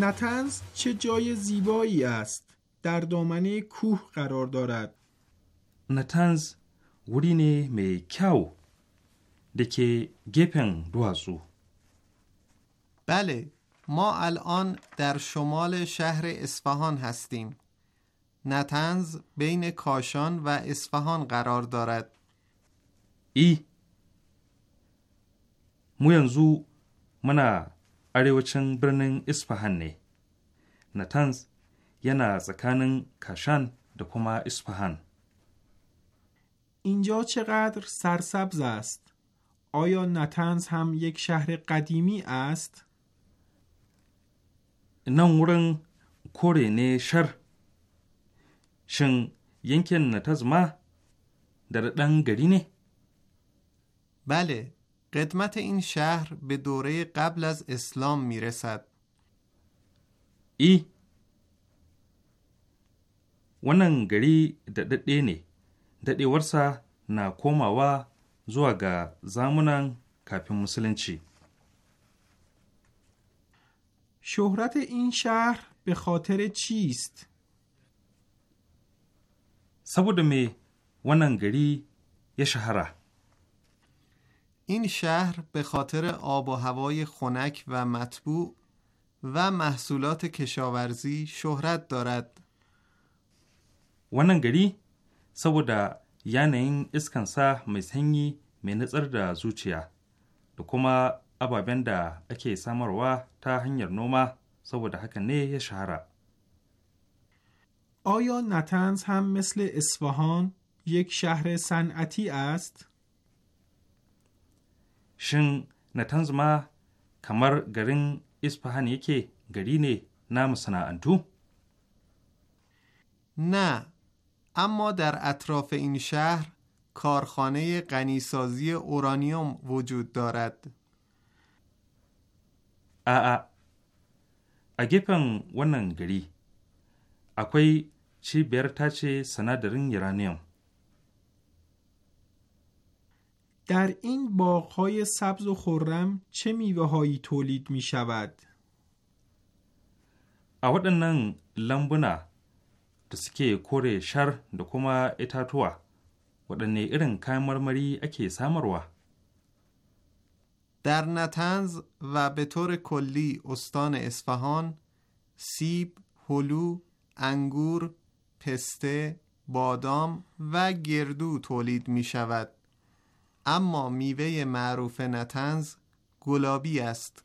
نتنز چه جای زیبایی است در دامنه کوه قرار دارد نتنز ورینه می کاو گپنگ گپن بله ما الان در شمال شهر اصفهان هستیم. نتنز بین کاشان و اصفهان قرار دارد. ای مو منه. arewacin birnin Isfahan ne. Natanz yana tsakanin Kashan da kuma Isfahan. اینجا چقدر سرسبز است. آیا نتنز هم یک شهر قدیمی است؟ nan wurin kore ne shar shin yankin Natazma da ɗan gari ne? bale قدمت این شهر به دوره قبل از اسلام می رسد. ای wannan gari daɗaɗɗe ne daɗewarsa na komawa zuwa ga zamunan kafin musulunci شهرت این شهر به خاطر چیست؟ saboda me wannan gari ya shahara این شهر به خاطر آب و هوای خنک و مطبوع و محصولات کشاورزی شهرت دارد. wannan gari saboda yanayin iskansa mai sanyi mai nutsar da zuciya da kuma ababen da ake samarwa ta hanyar noma saboda haka ne ya آیا نتنز هم مثل اصفهان یک شهر صنعتی است؟ shin Natanzma kamar garin Isfahan yake gari ne na masana'antu? na اما در اطراف این شهر کارخانه غنیسازی اورانیوم وجود دارد آآ a gefen wannan gari akwai cibiyar tace sinadarin uranium در این باغهای سبز و خورم چه هایی تولید می شود؟ اوادنن waɗannan lambuna da suke kore shar da kuma itatuwa waɗanne irin kayan marmari ake در نتنز و به طور کلی استان اصفهان سیب، هلو، انگور، پسته، بادام و گردو تولید می شود. اما میوه معروف نتنز گلابی است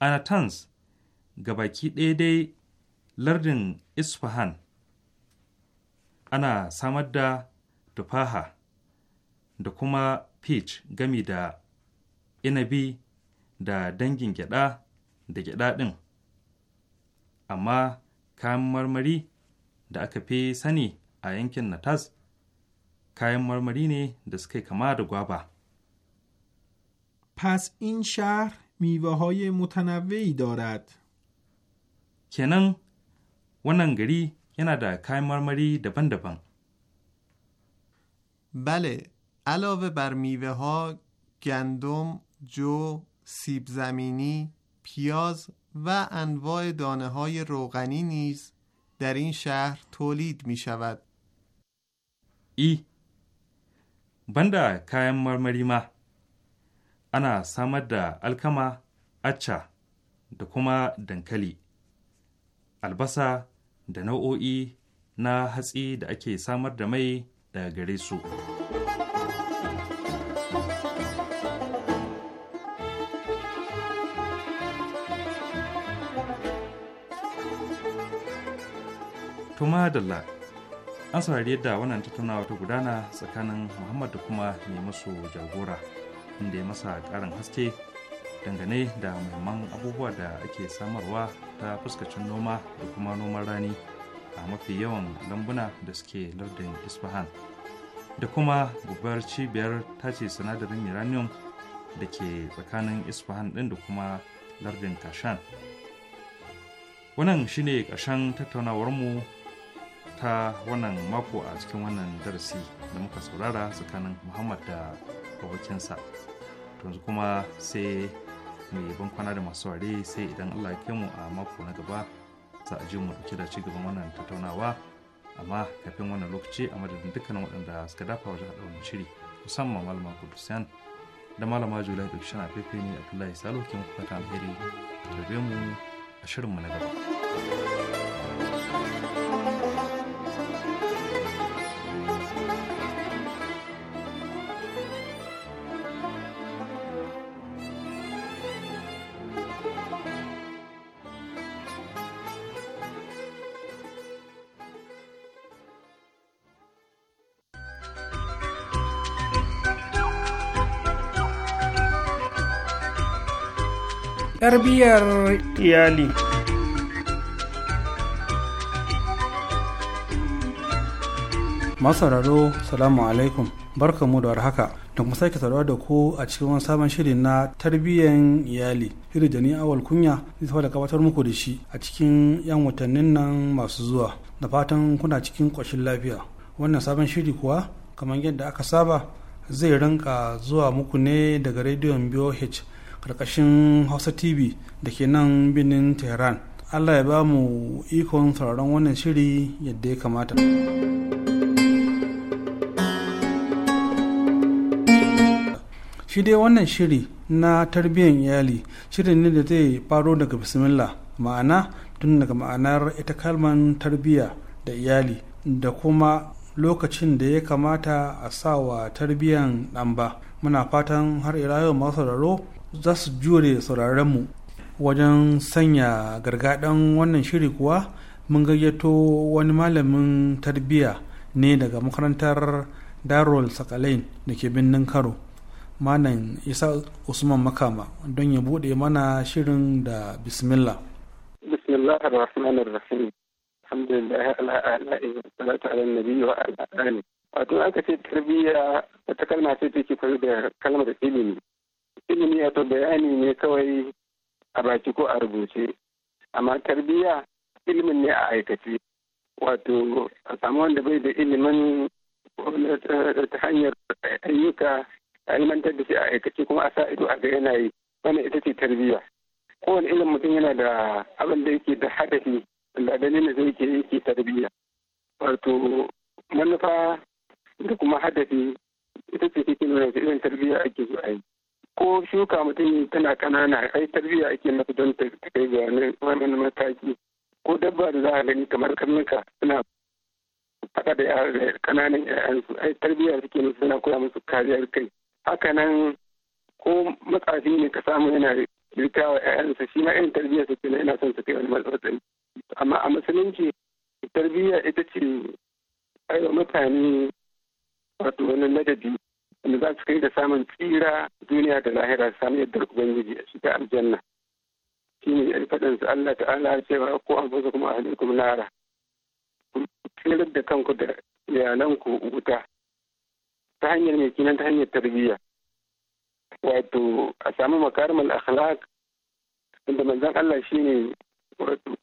anatans gabaki ɗaya dai lardin isfahan ana samar da tufaha da kuma peach gami da inabi da dangin gyaɗa da gyaɗa ɗin amma kayan marmari da aka fi sani a yankin natas پس این شهر میوه های متنوعی دارد. کنن wannan gari yana da kayan بله علاوه بر میوه ها گندم، جو، سیب زمینی، پیاز و انواع دانه های روغنی نیز در این شهر تولید می شود. ای banda kayan marmari ma ana samar da alkama acca da kuma dankali albasa da nau'o'i na hatsi da ake samar da mai daga gare su. Tuma an saurari yadda wannan tattaunawa ta gudana tsakanin muhammad da kuma mai masu jagora inda ya masa karin haske dangane da muhimman abubuwa da ake samarwa ta fuskacin noma da kuma noman rani a mafi yawan lambuna da suke lardin isfahan da kuma gubar cibiyar tace sinadarin uranium da ke tsakanin isfahan din da kuma lardin kashan wannan shine ƙarshen mu. ta wannan mako a cikin wannan darasi da muka saurara tsakanin muhammad da abokinsa yanzu kuma sai mai ban kwana da masu ware sai idan allah ya mu a mako na gaba za a ji mu dauke da ci gaban wannan tattaunawa amma kafin wannan lokaci a madadin dukkanin waɗanda suka dafa wajen haɗa wannan shiri musamman malama kudusiyan da malama julai da kishan afefe ne abdullahi salo ke muku fata alheri mu a shirin mu na gaba. tarbiyyar iyali masararo salamu alaikum barkamu da warhaka da kuma sake saduwa da ku a cikin wani sabon shirin na tarbiyyar iyali iri da ni awal kunya zai saba da gabatar muku da shi a cikin yan watannin nan masu zuwa da fatan kuna cikin ƙoshin lafiya wannan sabon shiri kuwa kamar yadda aka saba zai rinka zuwa muku ne daga rediyon BOH karkashin hausa tv da ke nan birnin tehran allah ya ba mu ikon sauraron wannan shiri yadda ya kamata shi dai wannan shiri na tarbiyyar iyali shiri ne da zai faro daga bismillah ma'ana tun daga ma'anar ita kalman tarbiyya da iyali da kuma lokacin da ya kamata a sawa tarbiyyar ɗan ba muna fatan har ila yau masu za su jure sauraronmu wajen sanya gargaɗin wannan shiri kuwa mun gayyato wani malamin tarbiyya ne daga makarantar darul sakalain da ke birnin karo manan isa usman makama don ya buɗe mana shirin da bismillah bismillah ar-rahman ar-rahim alhamdulillah ala ala'i salatu ala nabi wa ala alihi wato aka ce tarbiyya ta kalma ce take koyo da kalmar ilimi ilimi wato bayani ne kawai a baki ko a rubuce amma tarbiyya ilimin ne a aikace wato a samu wanda bai da ilimin ta hanyar ayyuka a ilimantar da shi a aikace kuma a sa ido a ga yana yi wannan ita ce tarbiyya kowane ilimin mutum yana da abin da yake da hadafi da na da yake yake tarbiyya wato manufa da kuma hadafi ita ce take nuna irin tarbiyya ake so a yi ko shuka mutum tana kanana ai tarbiyya ake masa don ta kai ga wani mataki ko dabba da za a gani kamar karnuka suna haka da kananan ƴaƴansu ai tarbiyya suke musu suna koya musu kariyar kai haka nan ko matsafi ne ka samu yana rikawa ƴaƴansa shi ma yin tarbiyya suke na yana son su kai wani matsatsi amma a musulunci tarbiyya ita ce aiwa mutane wato wani ladabi wanda za su kai da samun tsira duniya da lahira su samu yadda ubangiji a shiga aljanna shi ne faɗin su Allah ta'ala cewa ko an fasa kuma a kuma nara tsirar da kanku da iyalanku wuta ta hanyar mai kinan ta hanyar tarbiyya wato a samu makarimar akhlaq inda manzan Allah shi ne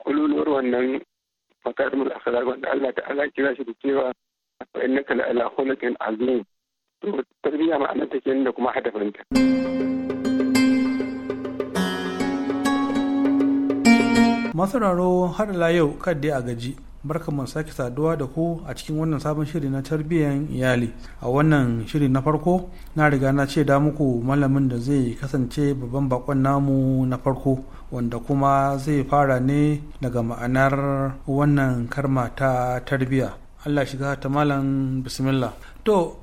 kululuwar wannan makarimar akhlaq wanda Allah ta'ala kira shi da cewa wa innaka kala ala khuluqin azim tarbiyya ma'anar take da kuma hadafinta. masararo har la yau kadai a gaji barka mu sake saduwa da ku a cikin wannan sabon shiri na tarbiyyar iyali a wannan shiri na farko na riga na ce da muku malamin da zai kasance babban bakon namu na farko wanda kuma zai fara ne daga ma'anar wannan karma ta tarbiyya allah shiga ta malam bismillah to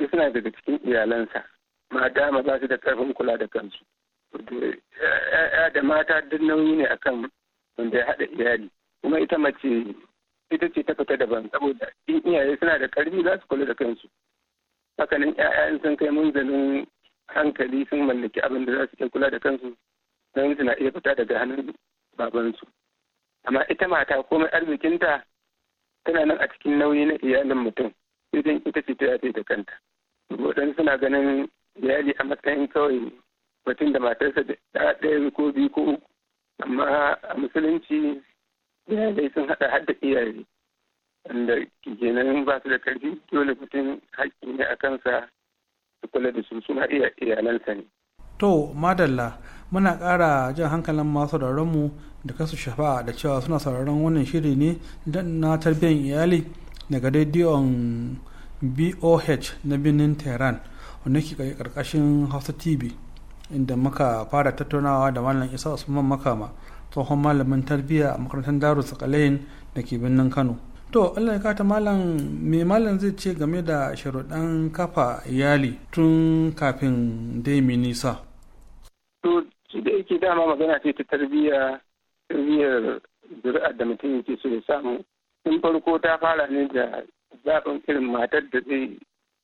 duk suna daga cikin iyalansa mata ma ba su da karfin kula da kansu ya da mata duk nauyi ne akan wanda ya haɗa iyali kuma ita mace ita ce ta fita daban saboda in iyaye suna da karfi za su kula da kansu hakanan ƴaƴan sun kai munzalin hankali sun mallaki abin da za su kula da kansu don suna iya fita daga hannun babansu amma ita mata komai arzikinta tana nan a cikin nauyi na iyalin mutum idan ita ce ta yafe da kanta waɗansu suna ganin iyali a matsayin kawai mutum da matarsa da ɗaya ko biyu ko uku amma a musulunci iyalai sun haɗa har da iyaye wanda kenan ba su da ƙarfi dole mutum haƙƙi ne a kansa su kula da su suna iya iyalansa ne. to madalla muna ƙara jan hankalin masu mu da kasu shafa da cewa suna sauraron wannan shiri ne na tarbiyyar iyali daga rediyon boh na birnin tehran wanda ke karkashin hausa tv inda muka fara tattaunawa da malam isa usman makama tsohon malamin tarbiyya a makarantar daru sakalayin da ke birnin kano to allah ya kata malam me malam zai ce game da sharuɗan kafa iyali tun kafin dai mi nisa to shi da yake dama magana ce ta tarbiyya tarbiyyar zuri'ar da mutum yake so ya samu in farko ta fara ne da zaɓin irin matar da zai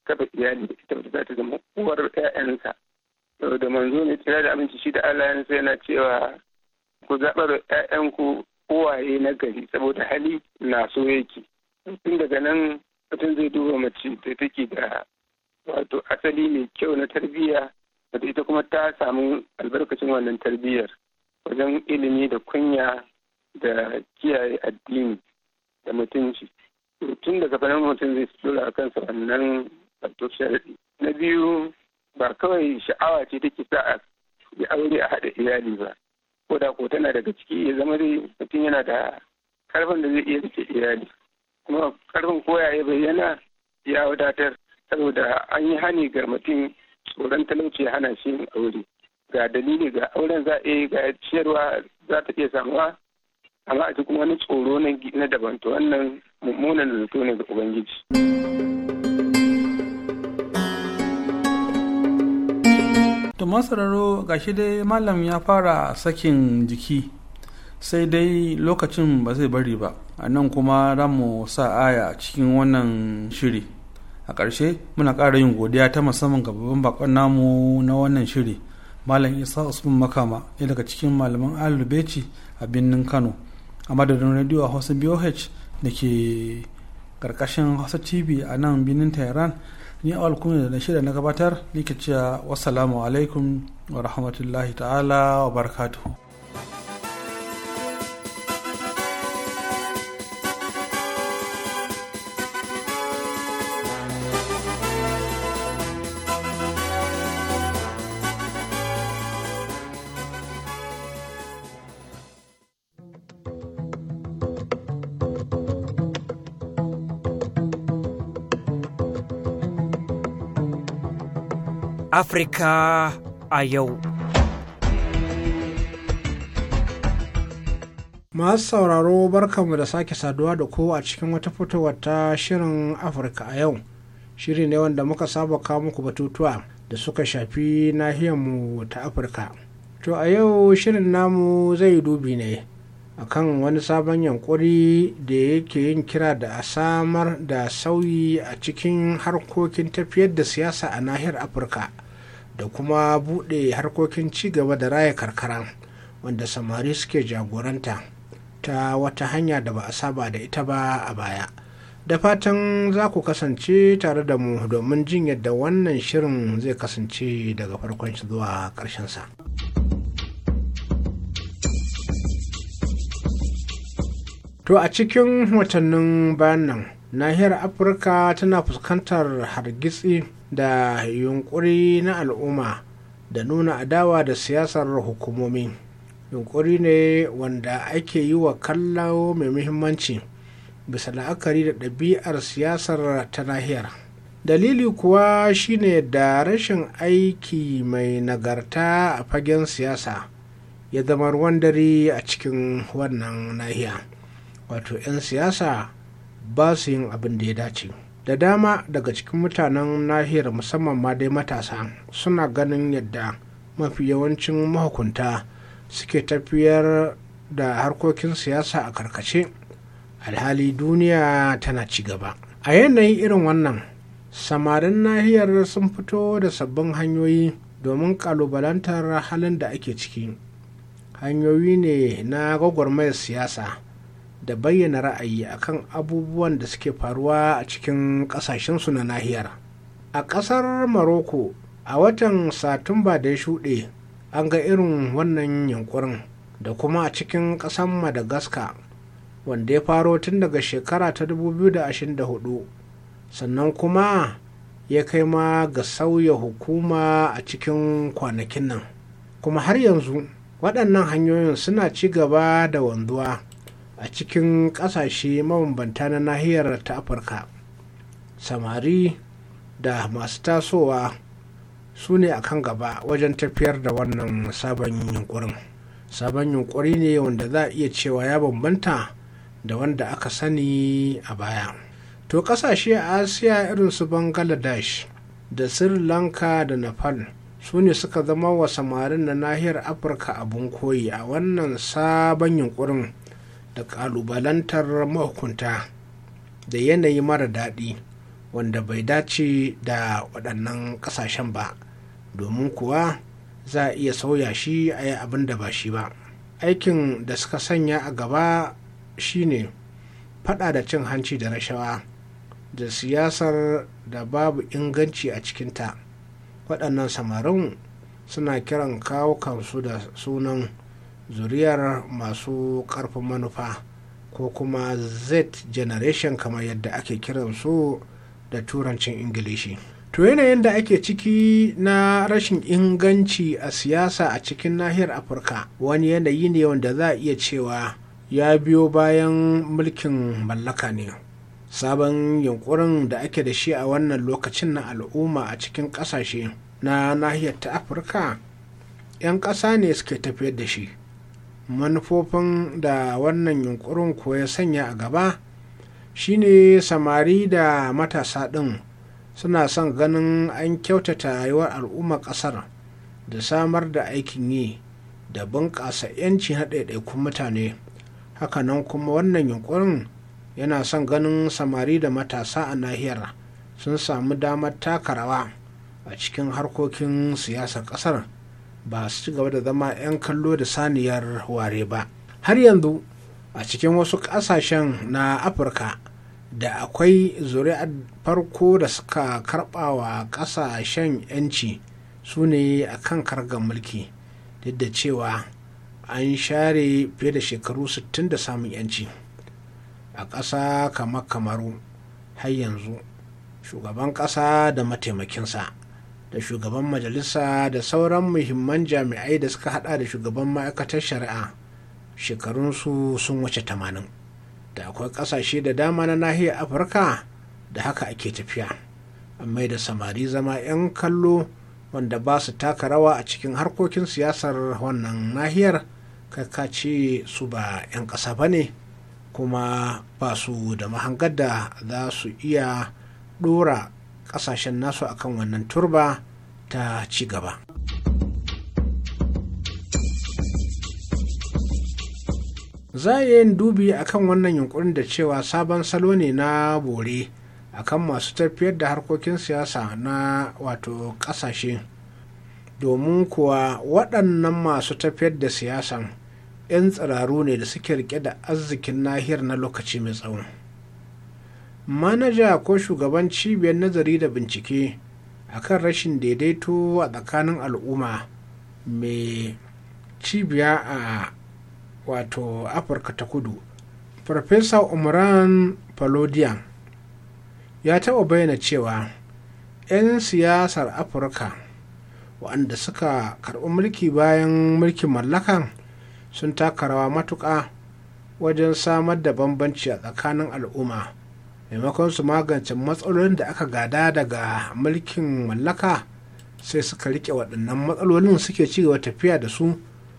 kafa iyali da ita za ta zama uwar 'ya'yansa. Da manzo ne tsira da aminci shi da Allah yana cewa ku zaɓar 'ya'yanku uwaye na gari saboda hali na so yake. Tun daga nan mutum zai duba mace da take da wato asali mai kyau na tarbiyya wata ita kuma ta samu albarkacin wannan tarbiyyar wajen ilimi da kunya da kiyaye addini da mutunci tun daga fanar mutum zai tura a kansa wannan wato sharadi na biyu ba kawai sha'awa ce take sa a yi aure a haɗa iyali ba ko da ko tana daga ciki ya zama dai mutum yana da karfin da zai iya rike iyali kuma karfin koya ya bayyana ya wadatar saboda an yi hani ga mutum tsoron talauci hana shi aure ga dalili ga auren za a yi ga ciyarwa za ta iya samuwa amma a kuma wani tsoro na daban to wannan mummunan zato ne ga ubangiji to masararo gashi dai malam ya fara sakin jiki sai dai lokacin ba zai bari ba a nan kuma ramu sa aya cikin wannan shiri a ƙarshe muna ƙara yin godiya ta musamman ga babban bakon namu na wannan shiri malam isa usman makama ya daga cikin malaman alubeci a birnin kano a madadin radio a hausa boh da ke karkashin hausa tv a nan birnin tehran ni a kuma da na shirya na gabatar nake cewa wasu alaikum wa rahmatullahi ta'ala wa barakatuhu Afirka a yau. Masu sauraro barkanmu da sake saduwa da ku a cikin wata fitowa ta shirin Afirka a yau. Shiri ne wanda muka saba kawo muku batutuwa da suka shafi nahiyarmu ta Afirka. To a yau shirin namu zai dubi ne a kan wani sabon yankuri da yake yin kira da a samar da sauyi a cikin harkokin tafiyar da siyasa a nahiyar Afirka. da kuma buɗe harkokin ci gaba da raya karkara wanda samari suke jagoranta ta wata hanya da ba a saba da ita ba a baya da fatan za ku kasance tare da mu domin jin yadda wannan shirin zai kasance daga farkon zuwa ƙarshensa. To a cikin watannin bayan nan nahiyar afirka tana fuskantar hargitsi da yunkuri na al'umma da nuna adawa da siyasar hukumomi yunkuri ne wanda ake yi wa kallo mai muhimmanci bisa la'akari da ɗabi'ar siyasar ta nahiyar dalili kuwa shine da rashin aiki mai nagarta a fagen siyasa ya zama ruwan dare a cikin wannan nahiya wato 'yan siyasa ba su yin abin da ya dace da dama daga cikin mutanen nahiyar musamman ma dai matasa suna ganin yadda mafi yawancin mahukunta suke tafiyar da harkokin siyasa a karkace alhali duniya tana ci gaba a yanayin irin wannan samarin nahiyar sun fito da sabbin hanyoyi domin kalubalantar halin da ake ciki hanyoyi ne na gwagwarmayar siyasa da bayyana ra'ayi akan abubuwan da suke faruwa a cikin ƙasashensu na nahiyar a ƙasar maroko a watan satumba da ya shuɗe an ga irin wannan yunkurin da kuma a cikin ƙasar madagascar wanda ya faro tun daga shekara ta 2024 sannan kuma ya kai ma ga sauya hukuma a cikin kwanakin nan kuma har yanzu waɗannan hanyoyin suna ci gaba da wanzuwa a cikin ƙasashe mabambanta na nahiyar ta afirka samari da masu tasowa su ne a kan gaba wajen tafiyar da wannan sabon yunkurin sabon yunkuri ne wanda za a iya cewa ya bambanta da wanda aka sani a baya to kasashe a asiya irin su bangladesh da sri lanka da nepal su ne suka zama wa samarin na nahiyar afirka abun koyi a wannan sabon yunkurin da ƙalubalantar mahukunta da yanayi mara daɗi wanda bai dace da waɗannan ƙasashen ba domin kuwa za a iya sauya shi a yi abin da ba shi ba aikin da suka sanya a gaba shine fada da cin hanci da rashawa da siyasar da babu inganci a cikinta waɗannan samarin suna kiran kawo kansu da sunan zuriyar masu ƙarfin manufa ko kuma z generation kamar yadda ake kiran su da turancin ingilishi to yanayin da ake ciki na rashin inganci a siyasa a cikin nahiyar afirka wani yanayi ne wanda za a iya cewa ya biyo bayan mulkin mallaka ne sabon yunkurin da ake da shi a wannan lokacin na al'umma a cikin ƙasashe na nahiyar ta afirka 'yan ƙasa ne suke tafiyar da shi manufofin da wannan yunkurin ko ya sanya a gaba shine samari da matasa ɗin suna son ganin an kyautata yawar al'umma ƙasar da samar da aikin yi da bunƙasa 'yanci na ɗaiɗaikun mutane hakanan kuma wannan yunkurin yana son ganin samari da matasa a nahiyar sun samu damar taka rawa a cikin harkokin siyasar ƙasar ba su ci gaba da zama 'yan kallo da saniyar ware ba har yanzu a cikin wasu ƙasashen na afirka da akwai zuri'ar farko da suka karɓa wa ƙasashen 'yanci su ne a kan kargar mulki duk da cewa an share fiye da shekaru 60 da samun 'yanci a ƙasa kamar kamaru har yanzu shugaban ƙasa da mataimakinsa da shugaban majalisa da sauran muhimman jami'ai da suka hada da shugaban ma'aikatar shari'a shekarunsu sun wuce tamanin da akwai kasashe da dama na nahiyar afirka da haka ake tafiya amma da samari zama 'yan kallo wanda ba su taka rawa a cikin harkokin siyasar wannan nahiyar ka su ba 'yan ƙasa ba ne kuma ba su da mahangar da za su iya ɗora ƙasashen nasu akan wannan turba ta ci gaba. za a yin dubi a kan wannan yunkurin da cewa sabon salo ne na bore a kan masu tafiyar da harkokin siyasa na wato kasashe domin kuwa waɗannan masu tafiyar da siyasan 'yan tsiraru ne da suke rike da arzikin nahiyar na lokaci mai tsawo manaja ko shugaban cibiyar nazari da bincike akan rashin daidaito a tsakanin al'umma mai cibiya a wato afirka ta kudu farfesa umaran palodian ya taɓa bayyana cewa 'yan siyasar afirka waɗanda suka karɓi mulki bayan mulkin mallakan sun taka rawa matuƙa wajen samar da bambanci a tsakanin al'umma maimakon su magance matsalolin da aka gada daga mulkin mallaka sai suka rike waɗannan matsalolin suke cigaba tafiya da su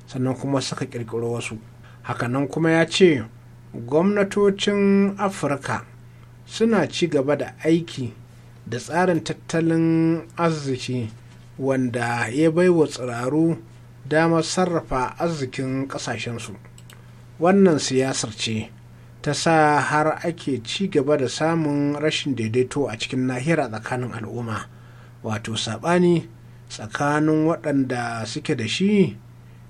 sannan kuma suka ƙirƙiro wasu hakanan kuma ya ce gwamnatocin afirka suna ci gaba da aiki da tsarin tattalin arziki wanda ya bai wa tsiraru damar sarrafa arzikin ƙasashensu wannan siyasar ce ta sa har ake ci gaba da samun rashin daidaito a cikin nahiyar tsakanin al'umma wato saɓani tsakanin waɗanda suke da shi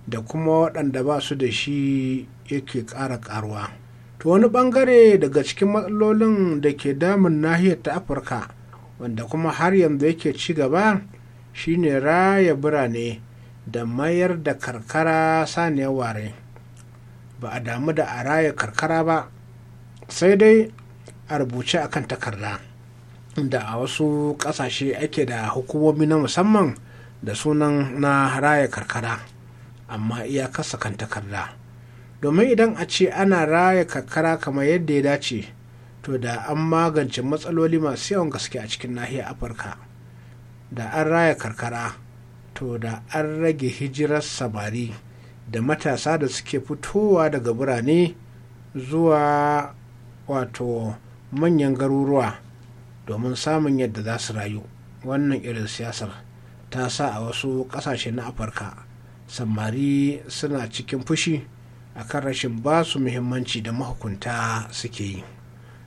da kuma waɗanda ba su da shi yake ƙara ƙaruwa to wani ɓangare daga cikin matsalolin da ke damun nahiyar ta afirka wanda kuma har yanzu yake ci gaba shine raya birane da mayar da karkara saniyar ware ba a damu da a raya karkara ba sai dai a rubuce a kan takarda da a wasu ƙasashe ake da hukumomi na musamman da sunan na raya karkara amma iya kasa kan takarda domin idan a ce ana raya karkara kamar yadda ya dace to da an magance matsaloli masu yawan gaske a cikin nahiyar afirka da an raya karkara to da an rage hijirar samari da matasa da suke fitowa daga birane zuwa wato manyan garuruwa domin samun yadda za su rayu wannan irin siyasar ta sa a wasu ƙasashe na afirka samari suna cikin fushi akan rashin ba su muhimmanci da mahukunta suke yi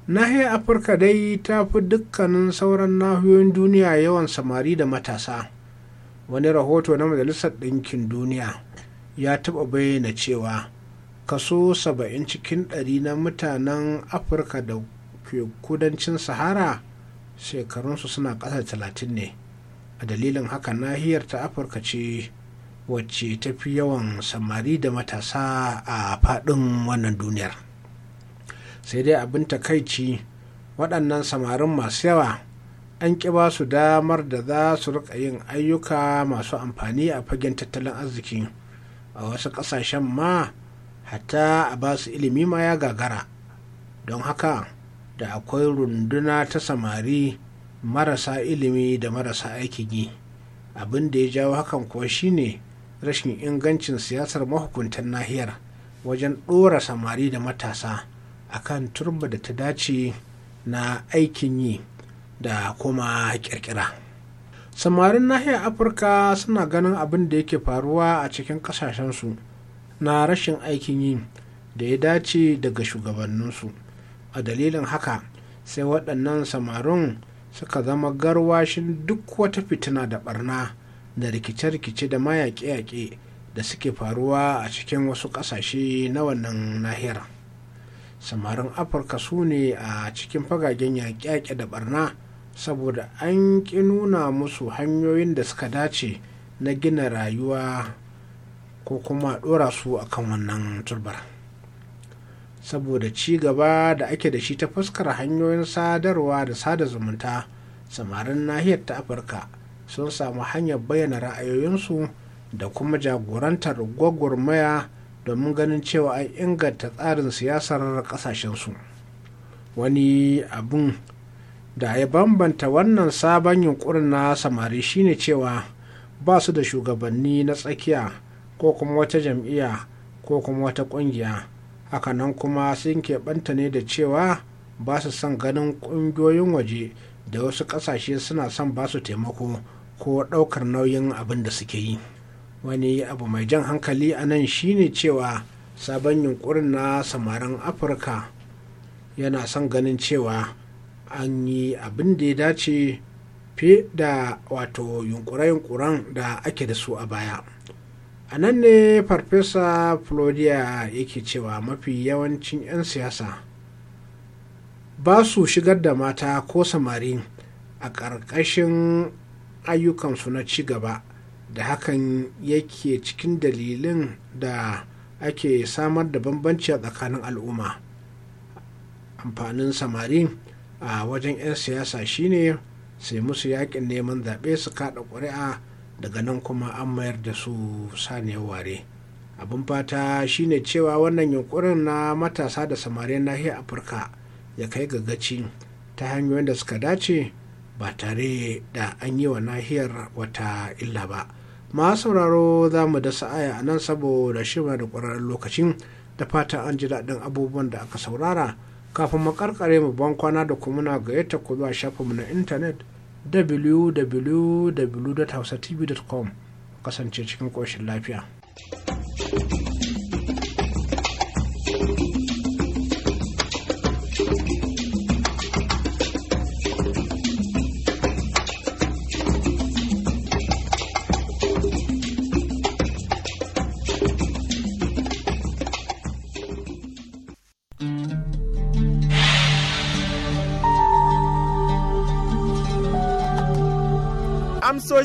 nahiyar afirka dai ta fi dukkanin sauran nahiyoyin duniya yawan samari da matasa wani rahoto na majalisar ɗinkin duniya ya taɓa bayyana cewa kaso 70 cikin ɗari na mutanen afirka da ke kudancin sahara shekarunsu suna ƙasa 30 ne a dalilin haka nahiyar ta afirka ce wacce ta fi yawan samari da matasa a faɗin wannan duniyar sai dai abin takaici waɗannan samarin masu yawa an ƙi ba su damar da za su rika yin ayyuka masu amfani a fagen tattalin arziki a wasu ƙasashen ma hatta a ba su ilimi ma ya gagara don haka da akwai runduna ta samari marasa ilimi da marasa aikin yi abin da ya jawo hakan kuwa shine rashin ingancin siyasar mahukuntar nahiyar wajen ɗora samari da matasa akan turba da ta dace na aikin yi da kuma kirkira samarin nahiyar afirka suna ganin abin da yake faruwa a cikin kasashensu na rashin aikin yi da ya dace daga shugabanninsu a dalilin haka sai waɗannan samarin suka zama garwashin duk wata fitina da barna da rikice-rikice da mayaƙe-yaƙe da suke faruwa a cikin wasu ƙasashe na wannan nahiyar samarin afirka su ne a cikin fagagen yaƙe-yaƙe da barna saboda an ƙi nuna musu hanyoyin da suka dace na gina rayuwa ko kuma ɗora su akan wannan turbar saboda ci gaba da ake da shi ta fuskar hanyoyin sadarwa da sada zumunta samarin nahiyar ta afirka sun samu hanyar bayyana ra'ayoyinsu da kuma jagorantar gwagwarmaya domin ganin cewa an inganta tsarin siyasar kasashensu wani abin da ya bambanta wannan sabon yunkurin na samari shine cewa ba su da shugabanni na tsakiya ko kuma wata jam'iyya ko kuma wata ƙungiya hakanan kuma sun keɓanta ne da cewa ba su son ganin ƙungiyoyin waje da wasu ƙasashe suna son ba su taimako ko ɗaukar nauyin abin da suke yi wani abu mai jan hankali a nan shine cewa sabon yunkurin na samarin afirka yana son ganin cewa an yi abin da ya dace fi da wato yunkure-yunkuren da ake da su a baya. a nan ne farfesa florida yake cewa mafi yawancin 'yan siyasa ba su shigar da mata ko samari a ƙarƙashin ayyukansu na ci gaba da hakan yake cikin dalilin da ake samar da bambanci a tsakanin al'umma amfanin samari a wajen 'yan siyasa shine sai musu yakin neman zaɓe su kaɗa ƙuri'a daga nan kuma an mayar da su saniyar ware abin fata shine cewa wannan yunkurin na matasa da samarin nahiyar afirka ya kai gaggaci ta hanyoyin da suka dace ba tare da an yi wa nahiyar wata illa ba ma sauraro za mu da sa'aya a nan saboda shirma da ƙwararren lokacin da fata an ji daɗin abubuwan da aka saurara kafin mu karkare mu ban kwana da kuma na gayyata ku zuwa shafinmu na intanet www.hausatv.com kasance cikin koshin lafiya.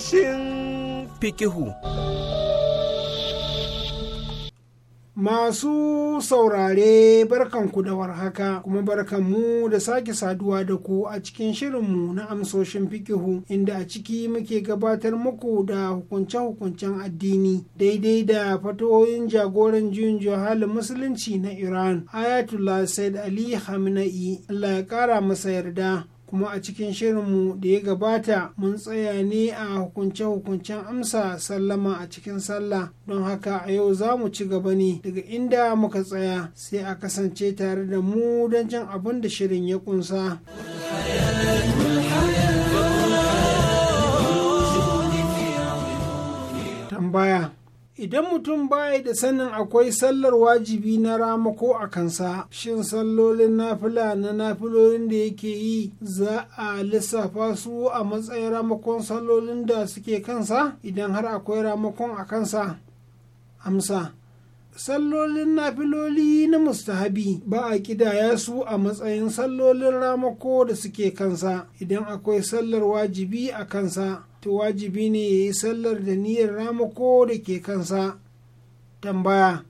ƙarƙashin fikihu. Masu saurare barkanku da warhaka kuma barkanmu da sake saduwa da ku a cikin shirinmu na amsoshin fikihu inda a ciki muke gabatar muku da hukunce-hukuncen addini daidai da fatoyin jagoran juyin juhalin musulunci na Iran Ayatollah Said Ali Khamenei Allah ya kara masa yarda kuma a cikin shirinmu da ya gabata mun tsaya ne a hukunce-hukuncen amsa sallama a cikin sallah don haka a yau za mu ci gaba ne daga inda muka tsaya sai a kasance tare da mu don jin abin da shirin ya kunsa. tambaya idan mutum baya da sanin akwai sallar wajibi na ramako a kansa shin sallolin nafila na nafilolin da yake yi za a lissafa su a matsayin ramakon sallolin da suke kansa idan har akwai ramakon a kansa amsa sallolin nafiloli na mustahabi ba a kidaya su a matsayin sallolin ramako da suke kansa idan akwai sallar wajibi a kansa to wajibi ne ya yi sallar da niyyar ramako da ke kansa tambaya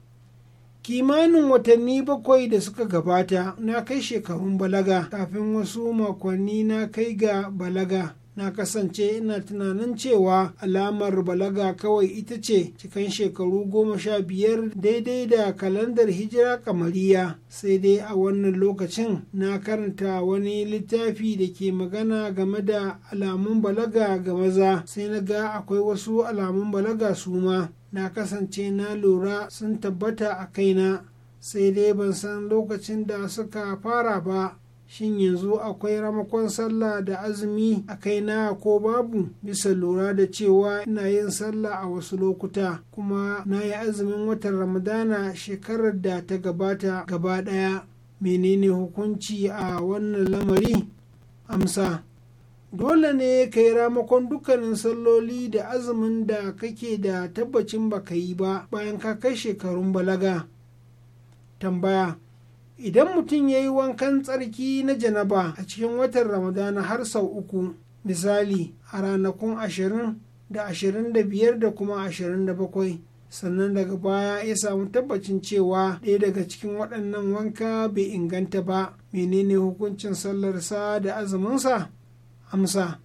kimanin watanni bakwai da suka gabata na kai shekarun balaga kafin wasu makonni na kai ga balaga na kasance ina tunanin cewa alamar balaga kawai ita ce cikin shekaru goma sha biyar daidai da kalandar hijira kamariya sai dai a wannan lokacin na karanta wani littafi da ke magana game da alamun balaga ga maza sai na ga akwai wasu alamun balaga su ma na kasance na lura sun tabbata a kaina sai dai ban san lokacin da suka fara ba shin yanzu akwai ramakon sallah da azumi a kaina ko babu bisa lura da cewa ina yin sallah a wasu lokuta kuma na yi azumin watan ramadana shekarar da ta gabata gaba ɗaya menene hukunci a wannan lamari amsa dole ne ka yi ramakon dukkanin salloli da azumin da kake da tabbacin baka yi ba bayan ka kai shekarun balaga tambaya idan mutum ya yi wankan tsarki na janaba a cikin watan ramadana har sau uku misali a ranakun ashirin da ashirin da biyar da kuma ashirin da bakwai sannan daga baya ya samu tabbacin cewa ɗaya daga cikin waɗannan wanka bai inganta ba menene hukuncin sallarsa da azuminsa amsa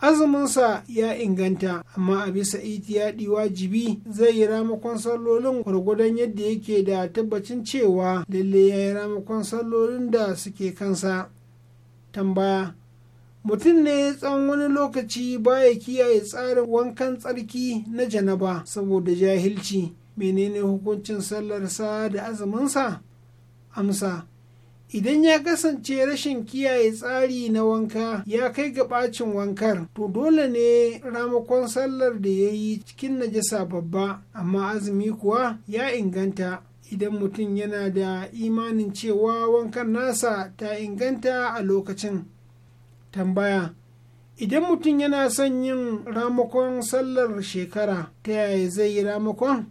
azuminsa ya inganta amma a bisa itiyadi wajibi zai yi ramakon sallolin gwargwadon yadda yake da tabbacin cewa lalle ya yi ramakon sallolin da suke kansa tambaya mutum ne tsawon wani lokaci baya kiyaye tsarin wankan tsarki na janaba saboda jahilci menene hukuncin sallarsa da azuminsa amsa idan ya kasance rashin kiyaye tsari na wanka ya kai ga ɓacin wankar to dole ne ramakon sallar da ya yi cikin najasa babba amma azumi kuwa ya inganta idan mutum yana da imanin cewa wankan nasa ta inganta a lokacin tambaya idan mutum yana son yin ramakon sallar shekara ta yaya zai yi ramakon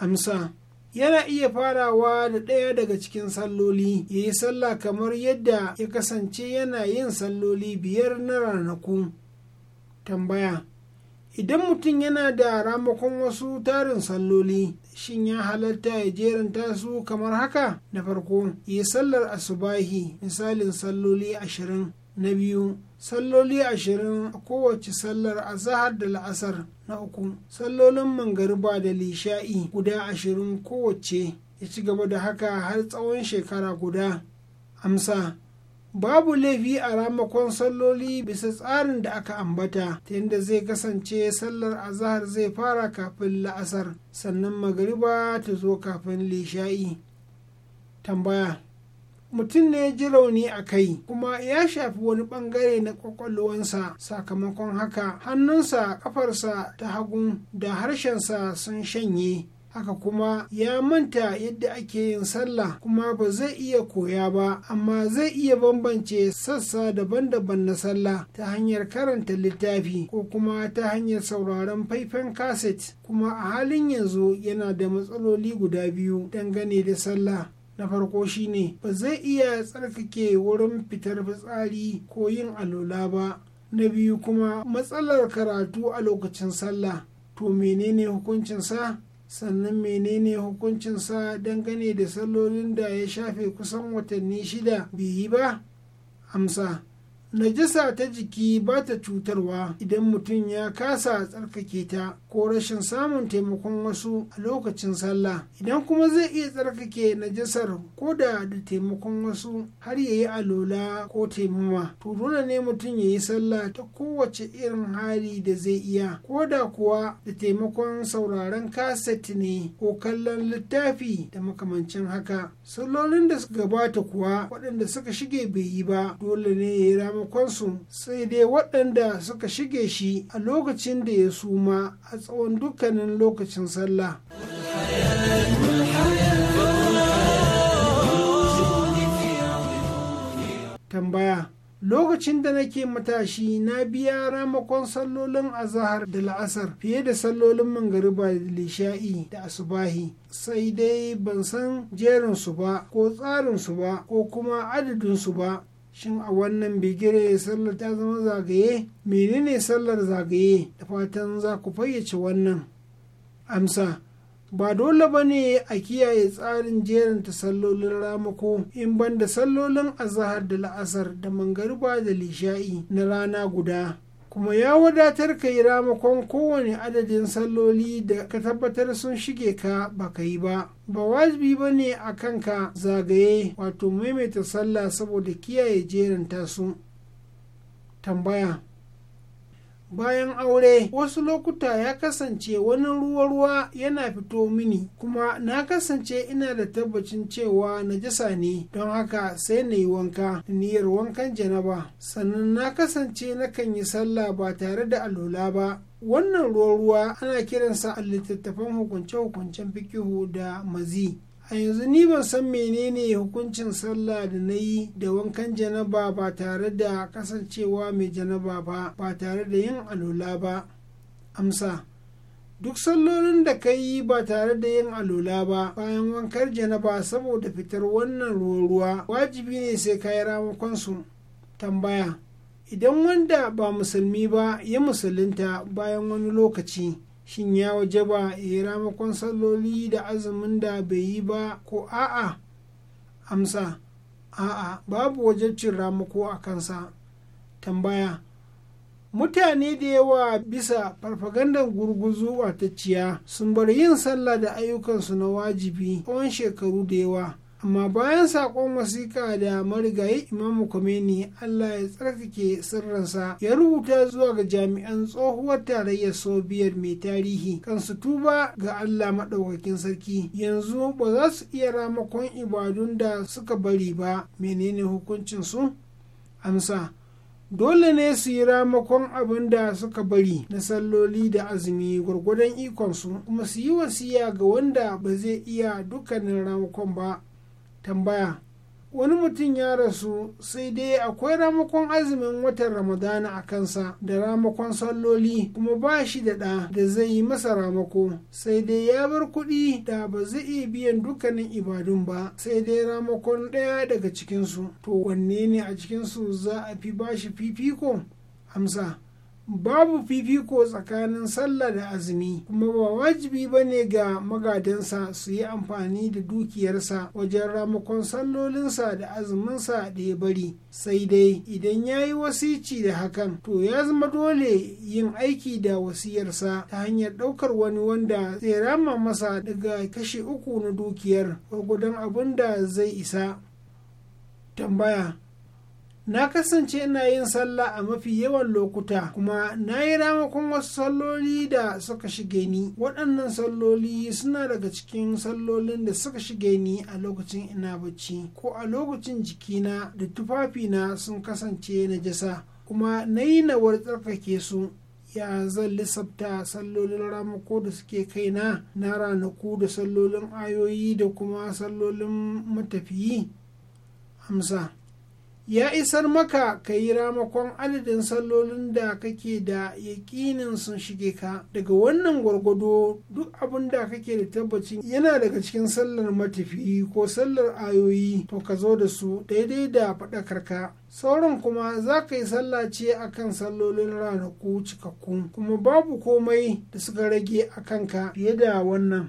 amsa yana iya farawa da ɗaya daga cikin salloli ya yi sallah kamar yadda ya kasance yana yin salloli biyar na ranaku tambaya idan mutum yana da ramakon wasu tarin salloli shin ya halatta ya jeranta su kamar haka na farko ya yi sallar asubahi misalin salloli ashirin na biyu salloli ashirin a kowace sallar azahar da la'asar na uku sallolin mangariba da lisha'i guda ashirin kowace ya ci gaba da haka har tsawon shekara guda amsa babu laifi a ramakon salloli bisa tsarin da aka ambata ta yadda zai kasance sallar azahar zai fara kafin la'asar sannan magariba ta zo kafin lisha'i tambaya mutum ne ji rauni a kai kuma ya shafi wani bangare na kwakwalwansa sakamakon haka hannunsa kafarsa ta hagu, da harshensa sun shanye haka kuma ya manta yadda ake yin sallah kuma ba zai iya koya ba amma zai iya bambance sassa daban-daban na sallah ta hanyar karanta littafi ko kuma ta hanyar sauraron faifan kaset kuma a halin yanzu yana da matsaloli guda biyu dangane da sallah na farko shine ba zai iya tsarkake wurin fitar fitsari ko yin alola ba na biyu kuma matsalar karatu a lokacin sallah to menene hukuncinsa sannan menene hukuncinsa dangane da sallolin da ya shafe kusan watanni shida bai yi ba amsa najasa ta jiki ba ta cutarwa idan mutum ya kasa tsarkake ta ko rashin samun taimakon wasu a lokacin sallah idan kuma zai iya tsarkake najasar ko da da taimakon wasu har ya yi alola ko taimama to dole ne mutum ya yi sallah ta kowace irin hali da zai iya ko da kuwa da taimakon sauraron kaset ne ko kallon littafi da makamancin haka sallolin da suka gabata kuwa waɗanda suka shige bai yi ba dole ne ya yi ramakonsu sai dai waɗanda suka shige shi a lokacin da ya suma a tsawon dukkanin lokacin sallah tambaya lokacin da nake matashi na biya ramakon sallolin azahar da la'asar fiye da sallolin mangariba da lisha'i da asubahi sai dai ban san jerinsu ba ko tsarinsu ba ko kuma adadinsu ba shin a wannan bigire sallar ta zama zagaye menene sallar zagaye da fatan za ku fayyace wannan amsa ba dole ba ne a kiyaye tsarin jerin ta sallolin ramako in banda sallolin azahar da la'asar da mangariba da lishai na rana guda kuma ya wadatar ka yi ramakon kowane adadin salloli da ka tabbatar sun shige ka ba ka yi ba ba wajibi ba ne a kanka zagaye wato maimaita sallah saboda kiyaye jerin tasu tambaya bayan aure wasu lokuta ya kasance wani ruwa-ruwa yana fito mini kuma na kasance ina da tabbacin cewa na jisa ne don haka sai na yi wanka da niyyar wankan janaba sannan na kasance na kan yi sallah ba tare da alola ba wannan ruwa-ruwa ana kiransa a littattafan hukunce-hukuncen fikihu da mazi a yanzu ni ban san menene hukuncin sallah da na yi da wankan janaba ba tare da kasancewa mai janaba ba ba tare da yin alola ba amsa duk sallolin da ka yi ba tare da yin alola ba bayan wankar janaba saboda fitar wannan ruwa wajibi ne sai ka yi ramakonsu tambaya idan wanda ba musulmi ba ya musulunta bayan wani lokaci shin ya waje ba ya ramakon salloli da azumin da bai yi ba ko a'a amsa a'a babu wajabcin ramako a kansa tambaya mutane da yawa bisa farfagandar gurguzu watacciya sun bar yin sallah da ayyukansu na wajibi tsawon shekaru da yawa amma bayan saƙon wasiƙa da marigayi imamu Khomeini Allah ya tsarkake sirrinsa ya rubuta zuwa ga jami'an tsohuwar tarayyar Sobiyar mai tarihi kan su tuba ga Allah maɗaukakin sarki yanzu ba za su iya ramakon ibadun da suka bari ba menene hukuncin su amsa dole ne su yi ramakon abin da suka bari na salloli da azumi gwargwadon ikonsu kuma su yi wasiya ga wanda ba zai iya dukkanin ramakon ba tambaya wani mutum ya rasu sai dai akwai ramakon azumin watan ramadana a kansa da ramakon salloli kuma ba shi da ɗa da zai yi masa ramako sai dai ya bar kuɗi da ba zai iya biyan dukkanin ibadun ba sai dai ramakon ɗaya daga cikinsu to wanne ne a cikinsu za a fi ba shi fifiko amsa babu fifiko tsakanin sallah da azumi kuma ba wajibi ba ne ga magadansa su yi amfani da dukiyarsa wajen ramakon sallolinsa da azuminsa da ya bari sai dai idan ya yi wasici da hakan to ya zama dole yin aiki da wasiyarsa ta hanyar ɗaukar wani wanda zai rama masa daga kashe uku na dukiyar gwargwadon abin da zai isa tambaya na kasance ina yin sallah a mafi yawan lokuta kuma na yi ramakon wasu salloli da suka shige ni waɗannan salloli suna daga cikin sallolin da suka shige ni a lokacin ina bacci ko a lokacin jikina da tufafina sun kasance na najasa kuma na yi nawar tsarkake su ya zan lissafta sallolin ramako da suke kaina na ranaku da sallolin ayoyi da kuma sallolin matafiyi amsa ya isar maka ka yi ramakon adadin sallolin da kake da yaƙinin sun shige ka daga wannan gwargwado duk abin da kake da tabbacin yana daga cikin sallar matafi ko sallar ayoyi to ka zo da su daidai da faɗakarka sauran kuma za ka yi sallah ce a kan sallolin ranaku cikakku kuma babu komai da suka rage a kanka fiye da wannan